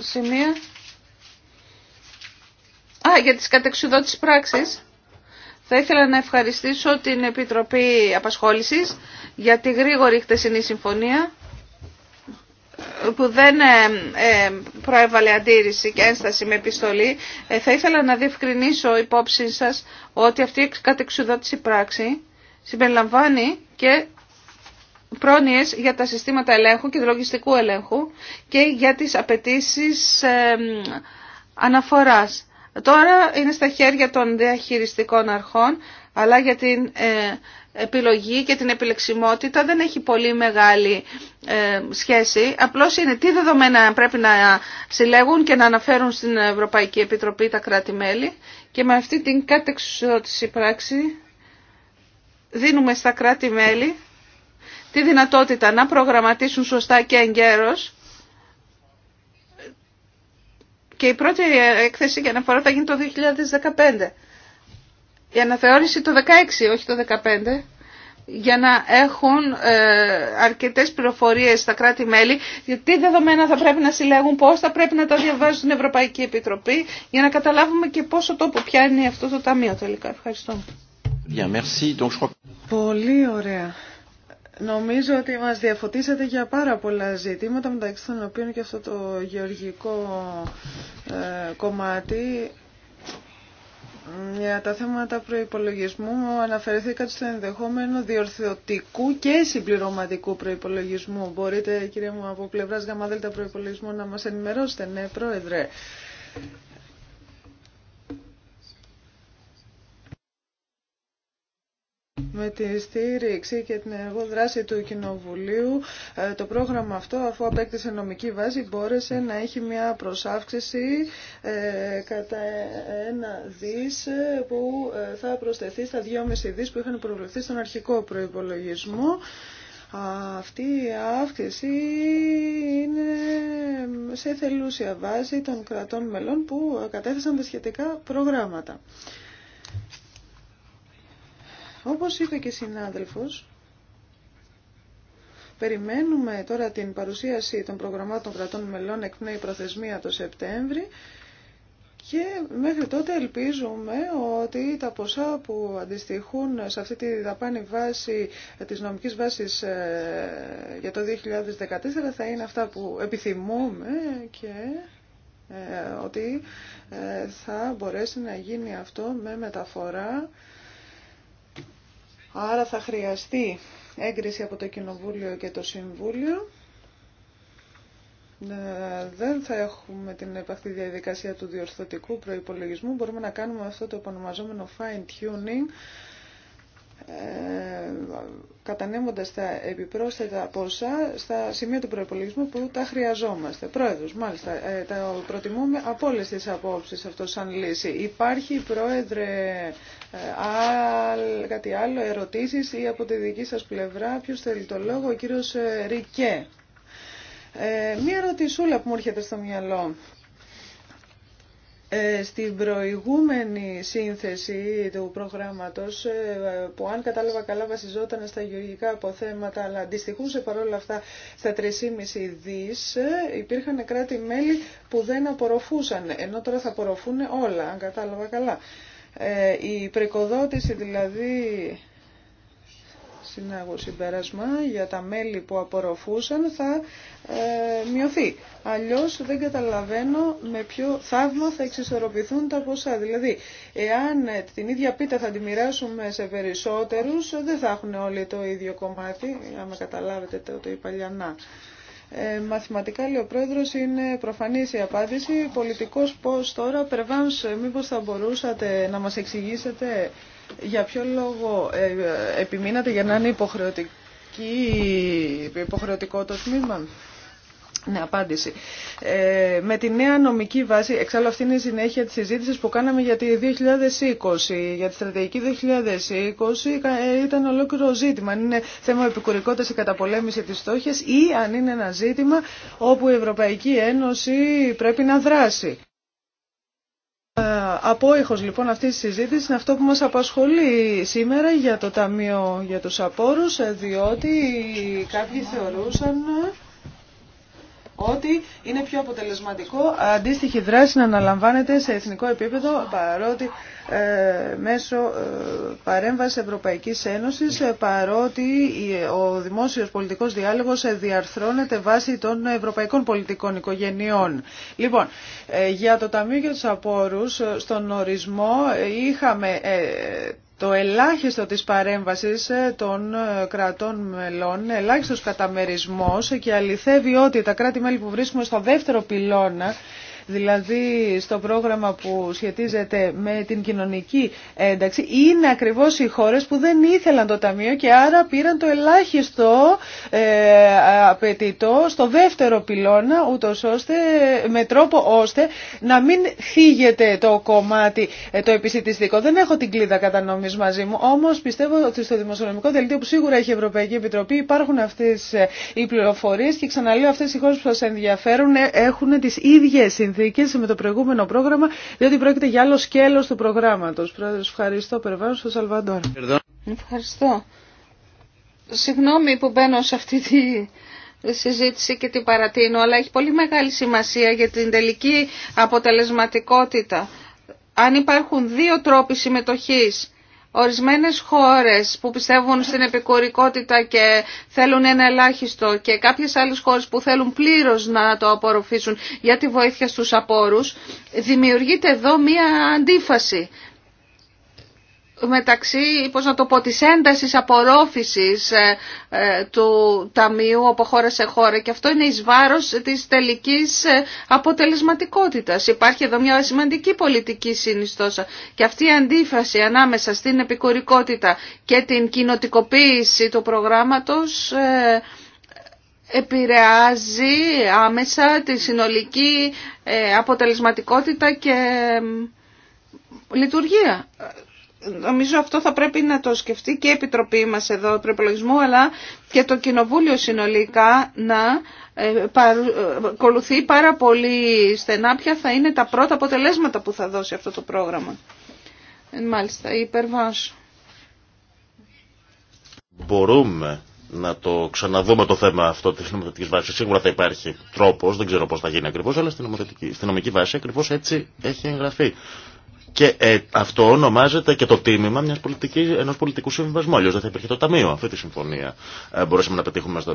σημεία. Α, για τις κατεξουδότης πράξεις. Θα ήθελα να ευχαριστήσω την Επιτροπή Απασχόλησης για τη γρήγορη χτεσινή συμφωνία ε, που δεν ε, προέβαλε αντίρρηση και ένσταση με επιστολή. Θα ήθελα να διευκρινίσω υπόψη σας ότι αυτή η κατεξουδότηση πράξη συμπεριλαμβάνει και πρόνοιες για τα συστήματα ελέγχου και λογιστικού ελέγχου και για τις απαιτήσει αναφοράς. Τώρα είναι στα χέρια των διαχειριστικών αρχών, αλλά για την ε, επιλογή και την επιλεξιμότητα δεν έχει πολύ μεγάλη ε, σχέση. Απλώς είναι τι δεδομένα πρέπει να συλλέγουν και να αναφέρουν στην Ευρωπαϊκή Επιτροπή τα κράτη-μέλη και με αυτή την κατεξουσιώτηση πράξη δίνουμε στα κράτη-μέλη τη δυνατότητα να προγραμματίσουν σωστά και εγκαίρως. Και η πρώτη έκθεση για αναφορά θα γίνει το 2015. Η αναθεώρηση το 2016, όχι το 2015, για να έχουν ε, αρκετές πληροφορίες στα κράτη-μέλη τι δεδομένα θα πρέπει να συλλέγουν, πώς θα πρέπει να τα διαβάζουν στην Ευρωπαϊκή Επιτροπή για να καταλάβουμε και πόσο τόπο πιάνει αυτό το Ταμείο τελικά. Ευχαριστώ. Πολύ ωραία. Νομίζω ότι μας διαφωτίσατε για πάρα πολλά ζητήματα, μεταξύ των οποίων και αυτό το γεωργικό ε, κομμάτι. Για τα θέματα προϋπολογισμού αναφερθήκατε στο ενδεχόμενο διορθωτικού και συμπληρωματικού προϋπολογισμού. Μπορείτε, κύριε μου, από πλευράς ΓΑΜΑΔΕΛΤΑ προϋπολογισμού να μας ενημερώσετε, ναι, Πρόεδρε. με τη στήριξη και την ενεργό δράση του Κοινοβουλίου ε, το πρόγραμμα αυτό αφού απέκτησε νομική βάση μπόρεσε να έχει μια προσάυξηση ε, κατά ένα δις ε, που θα προσθεθεί στα 2,5 δις που είχαν προβληθεί στον αρχικό προϋπολογισμό. Αυτή η αύξηση είναι σε θελούσια βάση των κρατών μελών που κατέθεσαν τα σχετικά προγράμματα. Όπως είπε και συνάδελφος, περιμένουμε τώρα την παρουσίαση των προγραμμάτων κρατών μελών εκ νέου προθεσμία το Σεπτέμβρη και μέχρι τότε ελπίζουμε ότι τα ποσά που αντιστοιχούν σε αυτή τη δαπάνη βάση της νομικής βάσης ε, για το 2014 θα είναι αυτά που επιθυμούμε και ε, ότι ε, θα μπορέσει να γίνει αυτό με μεταφορά Άρα θα χρειαστεί έγκριση από το Κοινοβούλιο και το Συμβούλιο. Ε, δεν θα έχουμε την επαφή διαδικασία του διορθωτικού προϋπολογισμού. Μπορούμε να κάνουμε αυτό το επανομαζομενο fine fine-tuning ε, κατανέμοντας τα επιπρόσθετα ποσά στα σημεία του προϋπολογισμού που τα χρειαζόμαστε. Πρόεδρος, μάλιστα, ε, τα προτιμούμε από όλες τις απόψεις αυτό σαν λύση. Υπάρχει, Πρόεδρε, κάτι άλλο, ερωτήσεις ή από τη δική σας πλευρά, ποιος θέλει το λόγο, ο κύριος ε, Ρικέ. Ε, μία ερωτησούλα που μου έρχεται στο μυαλό. Ε, στην προηγούμενη σύνθεση του προγράμματος, ε, που αν κατάλαβα καλά βασιζόταν στα γεωργικά αποθέματα, αλλά αντιστοιχούσε παρόλα αυτά στα 3,5 δις, ε, υπήρχαν κράτη-μέλη που δεν απορροφούσαν, ενώ τώρα θα απορροφούν όλα, αν κατάλαβα καλά. Ε, η προικοδότηση δηλαδή συνάγω συμπέρασμα για τα μέλη που απορροφούσαν θα ε, μειωθεί. Αλλιώς δεν καταλαβαίνω με ποιο θαύμα θα εξισορροπηθούν τα ποσά. Δηλαδή, εάν ε, την ίδια πίτα θα τη μοιράσουμε σε περισσότερους, δεν θα έχουν όλοι το ίδιο κομμάτι, άμα καταλάβετε το, το είπα ε, μαθηματικά, λέει ο πρόεδρο είναι προφανή η απάντηση. Πολιτικός πώς τώρα, Περβάνς, μήπω θα μπορούσατε να μα εξηγήσετε για ποιο λόγο ε, επιμείνατε για να είναι υποχρεωτικό το τμήμα. Ναι, απάντηση. Ε, με τη νέα νομική βάση, εξάλλου αυτή είναι η συνέχεια της συζήτησης που κάναμε για τη 2020, για τη στρατηγική 2020 ε, ήταν ολόκληρο ζήτημα. Αν είναι θέμα επικουρικότητας η καταπολέμηση της στόχης ή αν είναι ένα ζήτημα όπου η Ευρωπαϊκή Ένωση πρέπει να δράσει. Ε, απόϊχος λοιπόν αυτή τη συζήτηση είναι αυτό που μας απασχολεί σήμερα για το Ταμείο για τους Απόρους, ε, διότι κάποιοι θεωρούσαν ότι είναι πιο αποτελεσματικό αντίστοιχη δράση να αναλαμβάνεται σε εθνικό επίπεδο παρότι ε, μέσω ε, παρέμβαση Ευρωπαϊκής Ένωσης ε, παρότι ο δημόσιος πολιτικός διάλογος ε, διαρθρώνεται βάσει των ευρωπαϊκών πολιτικών οικογενειών. Λοιπόν, ε, για το Ταμείο για τους Απόρους στον ορισμό είχαμε το ελάχιστο της παρέμβασης ε, των ε, κρατών μελών, ελάχιστος καταμερισμός και αληθεύει ότι τα κράτη-μέλη που βρίσκουμε στο δεύτερο πυλώνα δηλαδή στο πρόγραμμα που σχετίζεται με την κοινωνική ένταξη, είναι ακριβώς οι χώρες που δεν ήθελαν το Ταμείο και άρα πήραν το ελάχιστο ε, απαιτητό στο δεύτερο πυλώνα, ούτως ώστε, με τρόπο ώστε να μην θίγεται το κομμάτι ε, το επισητιστικό. Δεν έχω την κλίδα κατανόμης μαζί μου, όμως πιστεύω ότι στο δημοσιονομικό δελτίο που σίγουρα έχει η Ευρωπαϊκή Επιτροπή υπάρχουν αυτές ε, οι πληροφορίες και ξαναλέω αυτές οι χώρες που σας ενδιαφέρουν έχουν τις ίδιες συνθήκες με το προηγούμενο πρόγραμμα, διότι πρόκειται για άλλο σκέλο του προγράμματο. Πρόεδρε, ευχαριστώ. Περβάνω στο Σαλβαντόρ. Ευχαριστώ. Συγγνώμη που μπαίνω σε αυτή τη συζήτηση και την παρατείνω, αλλά έχει πολύ μεγάλη σημασία για την τελική αποτελεσματικότητα. Αν υπάρχουν δύο τρόποι συμμετοχής Ορισμένες χώρες που πιστεύουν στην επικουρικότητα και θέλουν ένα ελάχιστο και κάποιες άλλες χώρες που θέλουν πλήρως να το απορροφήσουν για τη βοήθεια στους απόρους, δημιουργείται εδώ μία αντίφαση μεταξύ, πώς να το πω, της έντασης απορρόφησης ε, ε, του Ταμείου από χώρα σε χώρα και αυτό είναι εις βάρος της τελικής ε, αποτελεσματικότητας. Υπάρχει εδώ μια σημαντική πολιτική συνιστόσα και αυτή η αντίφαση ανάμεσα στην επικουρικότητα και την κοινοτικοποίηση του προγράμματος επηρεάζει άμεσα τη συνολική αποτελεσματικότητα και λειτουργία νομίζω αυτό θα πρέπει να το σκεφτεί και η Επιτροπή μας εδώ του αλλά και το Κοινοβούλιο συνολικά να ε, ε, ακολουθεί πάρα πολύ στενά ποια θα είναι τα πρώτα αποτελέσματα που θα δώσει αυτό το πρόγραμμα. Ε, μάλιστα, υπερβάσω. Μπορούμε να το ξαναδούμε το θέμα αυτό της νομοθετικής βάσης. Σίγουρα θα υπάρχει τρόπος, δεν ξέρω πώς θα γίνει ακριβώς, αλλά στην, νομική βάση ακριβώς έτσι έχει εγγραφεί. Και ε, αυτό ονομάζεται και το τίμημα μιας πολιτικής, ενός πολιτικού συμβιβασμού. Αλλιώς δεν θα υπήρχε το Ταμείο. Αυτή τη συμφωνία ε, μπορέσαμε να πετύχουμε στο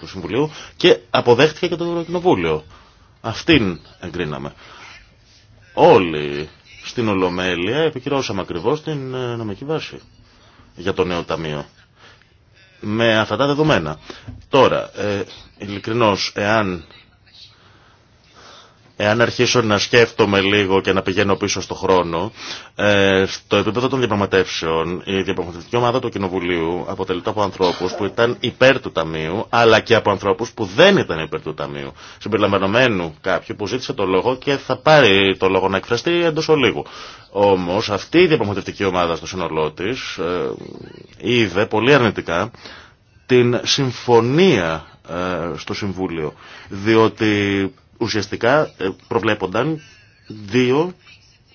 του Συμβουλίου και αποδέχτηκε και το Ευρωκοινοβούλιο. Αυτήν εγκρίναμε. Όλοι στην Ολομέλεια επικυρώσαμε ακριβώ την ε, νομική βάση για το νέο Ταμείο. Με αυτά τα δεδομένα. Τώρα, ε, ειλικρινώς, εάν Εάν αρχίσω να σκέφτομαι λίγο και να πηγαίνω πίσω στο χρόνο, ε, στο επίπεδο των διαπραγματεύσεων, η διαπραγματευτική ομάδα του Κοινοβουλίου αποτελείται από ανθρώπου που ήταν υπέρ του Ταμείου, αλλά και από ανθρώπου που δεν ήταν υπέρ του Ταμείου. Συμπεριλαμβανομένου κάποιου που ζήτησε το λόγο και θα πάρει το λόγο να εκφραστεί εντό ολίγου. Όμω αυτή η διαπραγματευτική ομάδα στο σύνολό τη ε, είδε πολύ αρνητικά την συμφωνία ε, στο Συμβούλιο. Διότι ουσιαστικά ε, προβλέπονταν δύο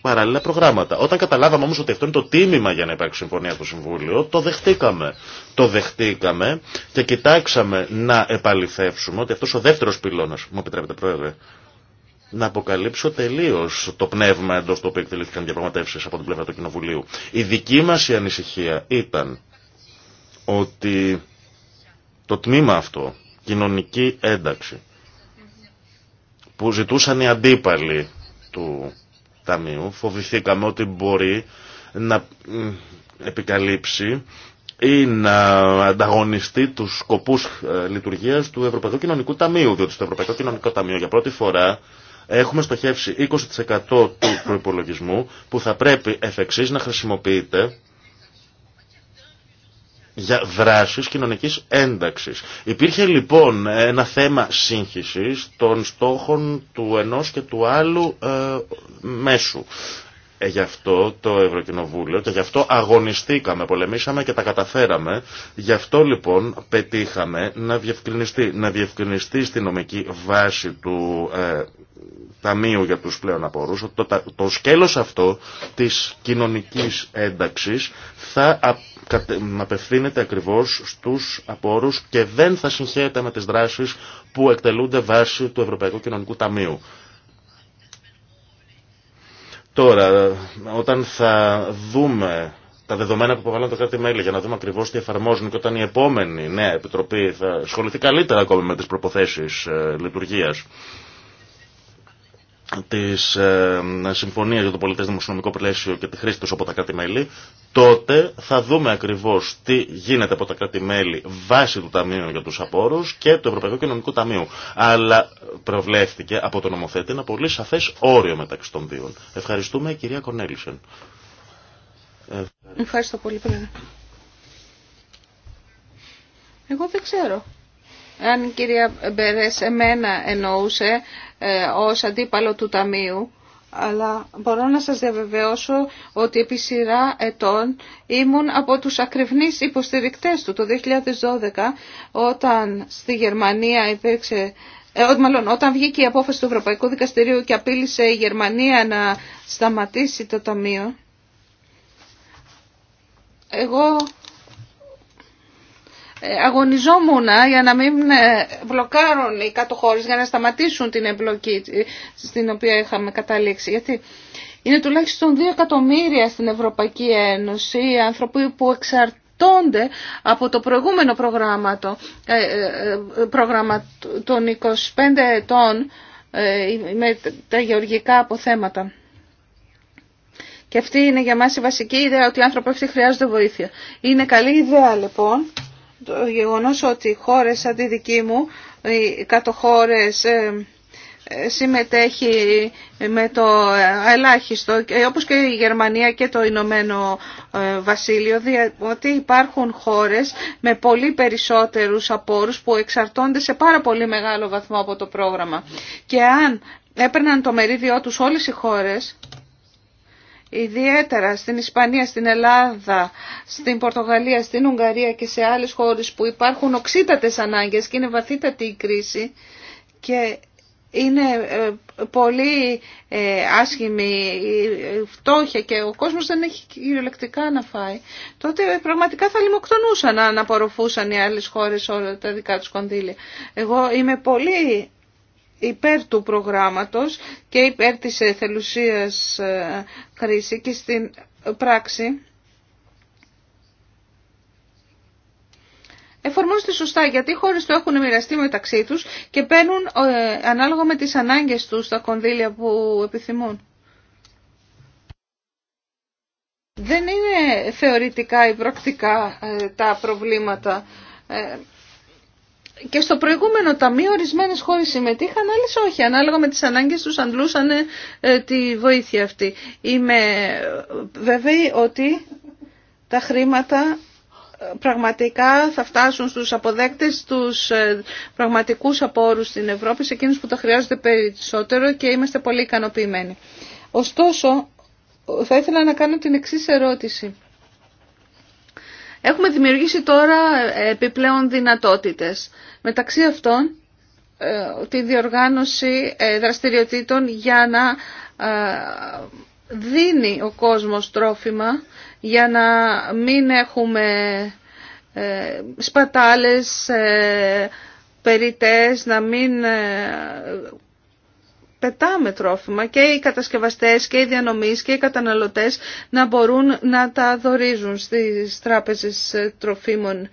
παράλληλα προγράμματα. Όταν καταλάβαμε όμως ότι αυτό είναι το τίμημα για να υπάρξει συμφωνία στο Συμβούλιο, το δεχτήκαμε. Το δεχτήκαμε και κοιτάξαμε να επαληθεύσουμε ότι αυτός ο δεύτερος πυλώνας, μου επιτρέπετε πρόεδρε, να αποκαλύψω τελείω το πνεύμα εντό του οποίου εκτελήθηκαν διαπραγματεύσει από την πλευρά του Κοινοβουλίου. Η δική μα ανησυχία ήταν ότι το τμήμα αυτό, κοινωνική ένταξη, που ζητούσαν οι αντίπαλοι του Ταμείου. Φοβηθήκαμε ότι μπορεί να επικαλύψει ή να ανταγωνιστεί τους σκοπούς ε, λειτουργίας του Ευρωπαϊκού Κοινωνικού Ταμείου, διότι στο Ευρωπαϊκό Κοινωνικό Ταμείο για πρώτη φορά έχουμε στοχεύσει 20% του προϋπολογισμού που θα πρέπει εφ' να χρησιμοποιείται για δράσεις κοινωνικής ένταξης. Υπήρχε λοιπόν ένα θέμα σύγχυσης των στόχων του ενός και του άλλου ε, μέσου. Ε, γι' αυτό το Ευρωκοινοβούλιο και γι' αυτό αγωνιστήκαμε, πολεμήσαμε και τα καταφέραμε. Γι' αυτό λοιπόν πετύχαμε να διευκρινιστεί, να διευκρινιστεί στη νομική βάση του ε, Ταμείου για τους πλέον απορούς, ότι το, σκέλος αυτό της κοινωνικής ένταξης θα απευθύνεται ακριβώς στους απόρους και δεν θα συγχαίεται με τις δράσεις που εκτελούνται βάσει του Ευρωπαϊκού Κοινωνικού Ταμείου. Τώρα, όταν θα δούμε τα δεδομένα που αποβάλλουν τα κράτη-μέλη για να δούμε ακριβώ τι εφαρμόζουν και όταν η επόμενη νέα επιτροπή θα ασχοληθεί καλύτερα ακόμη με τι προποθέσει ε, λειτουργία τη ε, συμφωνία για το πολιτέ δημοσιονομικό πλαίσιο και τη χρήση του από τα κράτη-μέλη, τότε θα δούμε ακριβώ τι γίνεται από τα κράτη-μέλη βάσει του Ταμείου για του Απόρου και του Ευρωπαϊκού Κοινωνικού Ταμείου. Αλλά προβλέφθηκε από τον νομοθέτη ένα πολύ σαφέ όριο μεταξύ των δύο. Ευχαριστούμε, κυρία Κονέλησεν ε, Ευχαριστώ πολύ, Πρόεδρε. Εγώ δεν ξέρω αν η κυρία Μπερές εμένα εννοούσε ε, ως αντίπαλο του Ταμείου, αλλά μπορώ να σας διαβεβαιώσω ότι επί σειρά ετών ήμουν από τους ακριβείς υποστηρικτές του το 2012 όταν στη Γερμανία υπήρξε ε, μάλλον, όταν βγήκε η απόφαση του Ευρωπαϊκού Δικαστηρίου και απείλησε η Γερμανία να σταματήσει το ταμείο, εγώ ε, αγωνιζόμουν για να μην ε, μπλοκάρουν οι κατοχώρες για να σταματήσουν την εμπλοκή ε, στην οποία είχαμε καταλήξει. Γιατί είναι τουλάχιστον 2 εκατομμύρια στην Ευρωπαϊκή Ένωση οι άνθρωποι που εξαρτώνται από το προηγούμενο προγράμματο, πρόγραμμα των 25 ετών με τα γεωργικά αποθέματα. Και αυτή είναι για μας η βασική ιδέα ότι οι άνθρωποι αυτοί χρειάζονται βοήθεια. Είναι καλή ιδέα λοιπόν το γεγονός ότι χώρες σαν τη δική μου, οι κατοχώρες ε, ε, συμμετέχει με το ελάχιστο, όπως και η Γερμανία και το Ηνωμένο ε, Βασίλειο, ότι υπάρχουν χώρες με πολύ περισσότερους απόρους που εξαρτώνται σε πάρα πολύ μεγάλο βαθμό από το πρόγραμμα. Και αν έπαιρναν το μερίδιό τους όλες οι χώρες, ιδιαίτερα στην Ισπανία, στην Ελλάδα, στην Πορτογαλία, στην Ουγγαρία και σε άλλες χώρες που υπάρχουν οξύτατες ανάγκες και είναι βαθύτατη η κρίση και είναι ε, πολύ ε, άσχημη η ε, φτώχεια και ο κόσμος δεν έχει κυριολεκτικά να φάει, τότε πραγματικά θα λιμοκτονούσαν αν απορροφούσαν οι άλλες χώρες όλα τα δικά τους κονδύλια. Εγώ είμαι πολύ υπέρ του προγράμματος και υπέρ της εθελουσίας ε, χρήση και στην πράξη εφαρμόζεται σωστά γιατί οι χώρες το έχουν μοιραστεί μεταξύ τους και παίρνουν ε, ανάλογα με τις ανάγκες τους τα κονδύλια που επιθυμούν. Δεν είναι θεωρητικά ή πρακτικά ε, τα προβλήματα και στο προηγούμενο ταμείο ορισμένε χώρε συμμετείχαν, άλλε όχι, ανάλογα με τι ανάγκε του αντλούσαν ε, τη βοήθεια αυτή. Είμαι ε, βέβαιη ότι τα χρήματα ε, πραγματικά θα φτάσουν στους αποδέκτες, τους πραγματικούς απόρους στην Ευρώπη, σε εκείνους που τα χρειάζονται περισσότερο και είμαστε πολύ ικανοποιημένοι. Ωστόσο, θα ήθελα να κάνω την εξής ερώτηση. Έχουμε δημιουργήσει τώρα ε, επιπλέον δυνατότητες. Μεταξύ αυτών ε, τη διοργάνωση ε, δραστηριοτήτων για να δίνει ο κόσμος τρόφιμα για να μην έχουμε σπατάλες, περιτές, να μην πετάμε τρόφιμα και οι κατασκευαστές και οι διανομείς και οι καταναλωτές να μπορούν να τα δορίζουν στις τράπεζες ε, τροφίμων.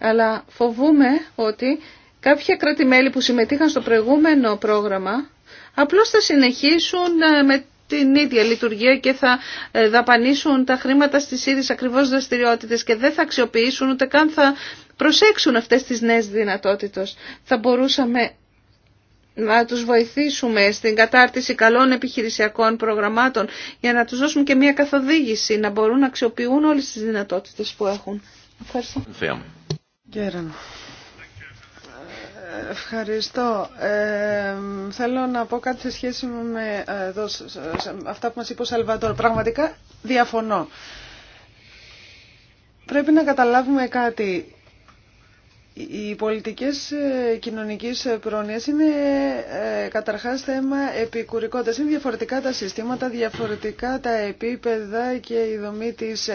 Αλλά φοβούμε ότι κάποια κράτη-μέλη που συμμετείχαν στο προηγούμενο πρόγραμμα απλώς θα συνεχίσουν ε, με την ίδια λειτουργία και θα ε, δαπανίσουν τα χρήματα στις ίδιες ακριβώς δραστηριότητε και δεν θα αξιοποιήσουν ούτε καν θα προσέξουν αυτές τις νέες δυνατότητες. Θα μπορούσαμε να τους βοηθήσουμε στην κατάρτιση καλών επιχειρησιακών προγραμμάτων για να τους δώσουμε και μια καθοδήγηση, να μπορούν να αξιοποιούν όλες τις δυνατότητες που έχουν. Ευχαριστώ. Ευχαριστώ. Ε, θέλω να πω κάτι σε σχέση με ε, εδώ, αυτά που μας είπε ο Σαλβατόρ. Πραγματικά διαφωνώ. Πρέπει να καταλάβουμε κάτι. Οι πολιτικές ε, κοινωνικής ε, πρόνοιας είναι ε, καταρχάς θέμα επικουρικότητας. Είναι διαφορετικά τα συστήματα, διαφορετικά τα επίπεδα και η δομή της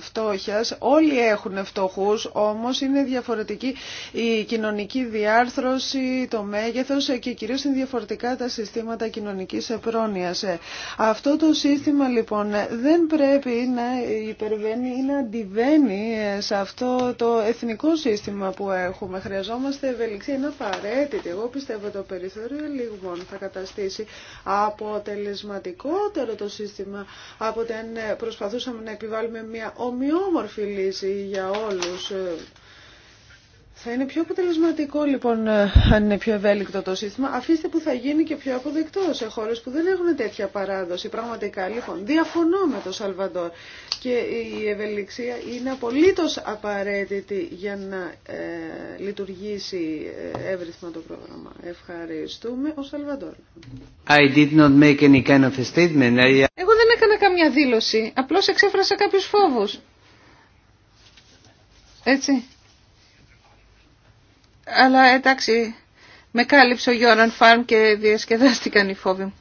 φτώχειας. Όλοι έχουν φτωχούς, όμως είναι διαφορετική η κοινωνική διάρθρωση, το μέγεθος και κυρίως είναι διαφορετικά τα συστήματα κοινωνικής πρόνοιας. Αυτό το σύστημα λοιπόν δεν πρέπει να υπερβαίνει ή να αντιβαίνει σε αυτό το εθνικό σύστημα που έχουμε. Χρειαζόμαστε ευελιξία. Είναι απαραίτητη. Εγώ πιστεύω το περιθώριο λίγων θα καταστήσει αποτελεσματικότερο το σύστημα από όταν προσπαθούσαμε να επιβάλλουμε μια ομοιόμορφη λύση για όλους. Θα είναι πιο αποτελεσματικό λοιπόν ε, αν είναι πιο ευέλικτο το σύστημα. Αφήστε που θα γίνει και πιο αποδεκτό σε χώρες που δεν έχουν τέτοια παράδοση. Πραγματικά λοιπόν διαφωνώ με το Σαλβαντόρ και η ευελιξία είναι απολύτως απαραίτητη για να ε, λειτουργήσει ε, εύρυθμα το πρόγραμμα. Ευχαριστούμε. Ο Σαλβαντόρ. Εγώ δεν έκανα καμιά δήλωση. Απλώς εξέφρασα κάποιους φόβους. Έτσι. Αλλά εντάξει, με κάλυψε ο Γιώραν Φάρμ και διασκεδάστηκαν οι φόβοι μου.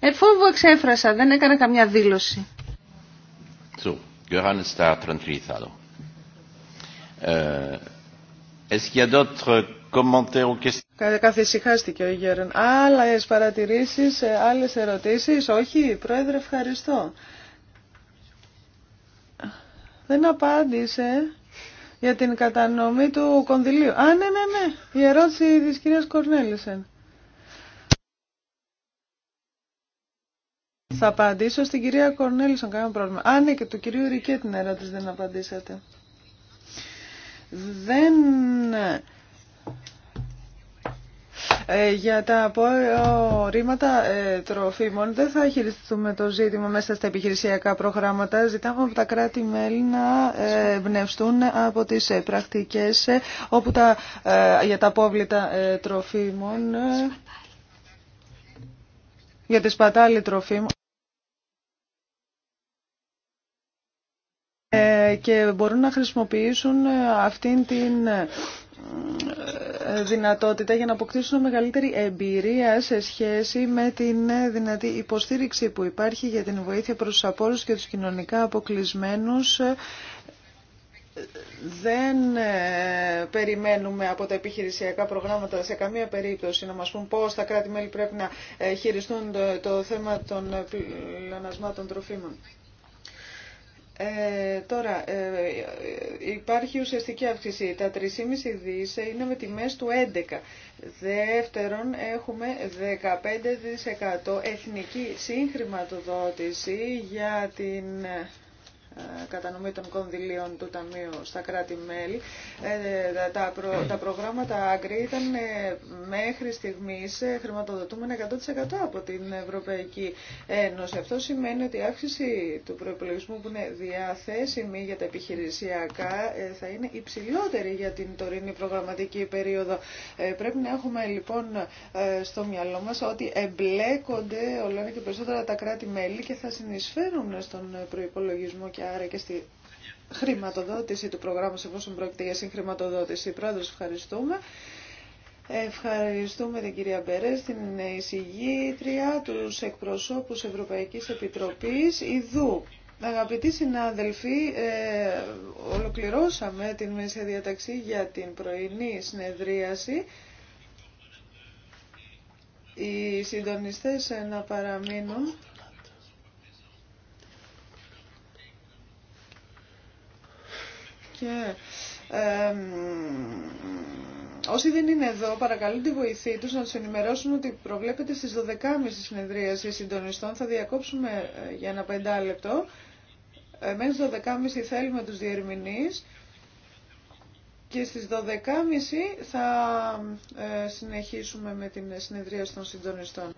Ε, φόβο εξέφρασα, δεν έκανα καμιά δήλωση. So, euh, ο Γιώραν. Άλλες παρατηρήσεις, ε, άλλες ερωτήσεις. Όχι, Πρόεδρε, ευχαριστώ. Δεν απάντησε για την κατανομή του κονδυλίου. Α, ναι, ναι, ναι. Η ερώτηση τη κυρία Κορνέλησεν. Θα απαντήσω στην κυρία Κορνέλησεν, κανένα πρόβλημα. Α, ναι, και του κυρίου Ρικέ την ερώτηση δεν απαντήσατε. Δεν ε, για τα απορρίμματα ε, τροφίμων δεν θα χειριστούμε το ζήτημα μέσα στα επιχειρησιακά προγράμματα. Ζητάμε από τα κράτη-μέλη να ε, εμπνευστούν από τις πρακτικές όπου τα, για τα απόβλητα τροφίμων, για τις σπατάλη τροφίμων. και μπορούν να χρησιμοποιήσουν αυτήν την δυνατότητα για να αποκτήσουν μεγαλύτερη εμπειρία σε σχέση με την δυνατή υποστήριξη που υπάρχει για την βοήθεια προς τους απόρους και τους κοινωνικά αποκλεισμένους δεν ε, περιμένουμε από τα επιχειρησιακά προγράμματα σε καμία περίπτωση να μας πούν πώς τα κράτη-μέλη πρέπει να ε, χειριστούν το θέμα των πλανασμάτων τροφίμων. Ε, τώρα, ε, υπάρχει ουσιαστική αύξηση. Τα 3,5 δις είναι με τιμές του 11. Δεύτερον, έχουμε 15% εθνική συγχρηματοδότηση για την κατανομή των κονδυλίων του Ταμείου στα κράτη-μέλη. Ε, τα, προ, τα προγράμματα Άγκρη ήταν ε, μέχρι στιγμής ε, χρηματοδοτούμενα 100% από την Ευρωπαϊκή Ένωση. Αυτό σημαίνει ότι η αύξηση του προϋπολογισμού που είναι διαθέσιμη για τα επιχειρησιακά θα είναι υψηλότερη για την τωρινή προγραμματική περίοδο. Πρέπει να έχουμε λοιπόν στο μυαλό μας ότι εμπλέκονται όλο και περισσότερα τα κράτη-μέλη και θα συνεισφέρουν στον προπολογισμό και άρα και στη χρηματοδότηση του προγράμματος εφόσον πρόκειται για συγχρηματοδότηση. Πρόεδρος, ευχαριστούμε. Ευχαριστούμε την κυρία Μπερέ, την εισηγήτρια, τους εκπροσώπους Ευρωπαϊκής Επιτροπής, ΙΔΟΥ. Αγαπητοί συνάδελφοι, ε, ολοκληρώσαμε την Μέση Διαταξή για την πρωινή συνεδρίαση. Οι συντονιστές να παραμείνουν. και όσοι δεν είναι εδώ παρακαλούν τη βοηθή τους να τους ενημερώσουν ότι προβλέπεται στις 12.30 συνεδρίαση συντονιστών. Θα διακόψουμε ε, για ένα πεντάλεπτο. Ε, μέχρι 12.30 θέλουμε τους διερμηνείς και στις 12.30 θα ε, συνεχίσουμε με την συνεδρίαση των συντονιστών.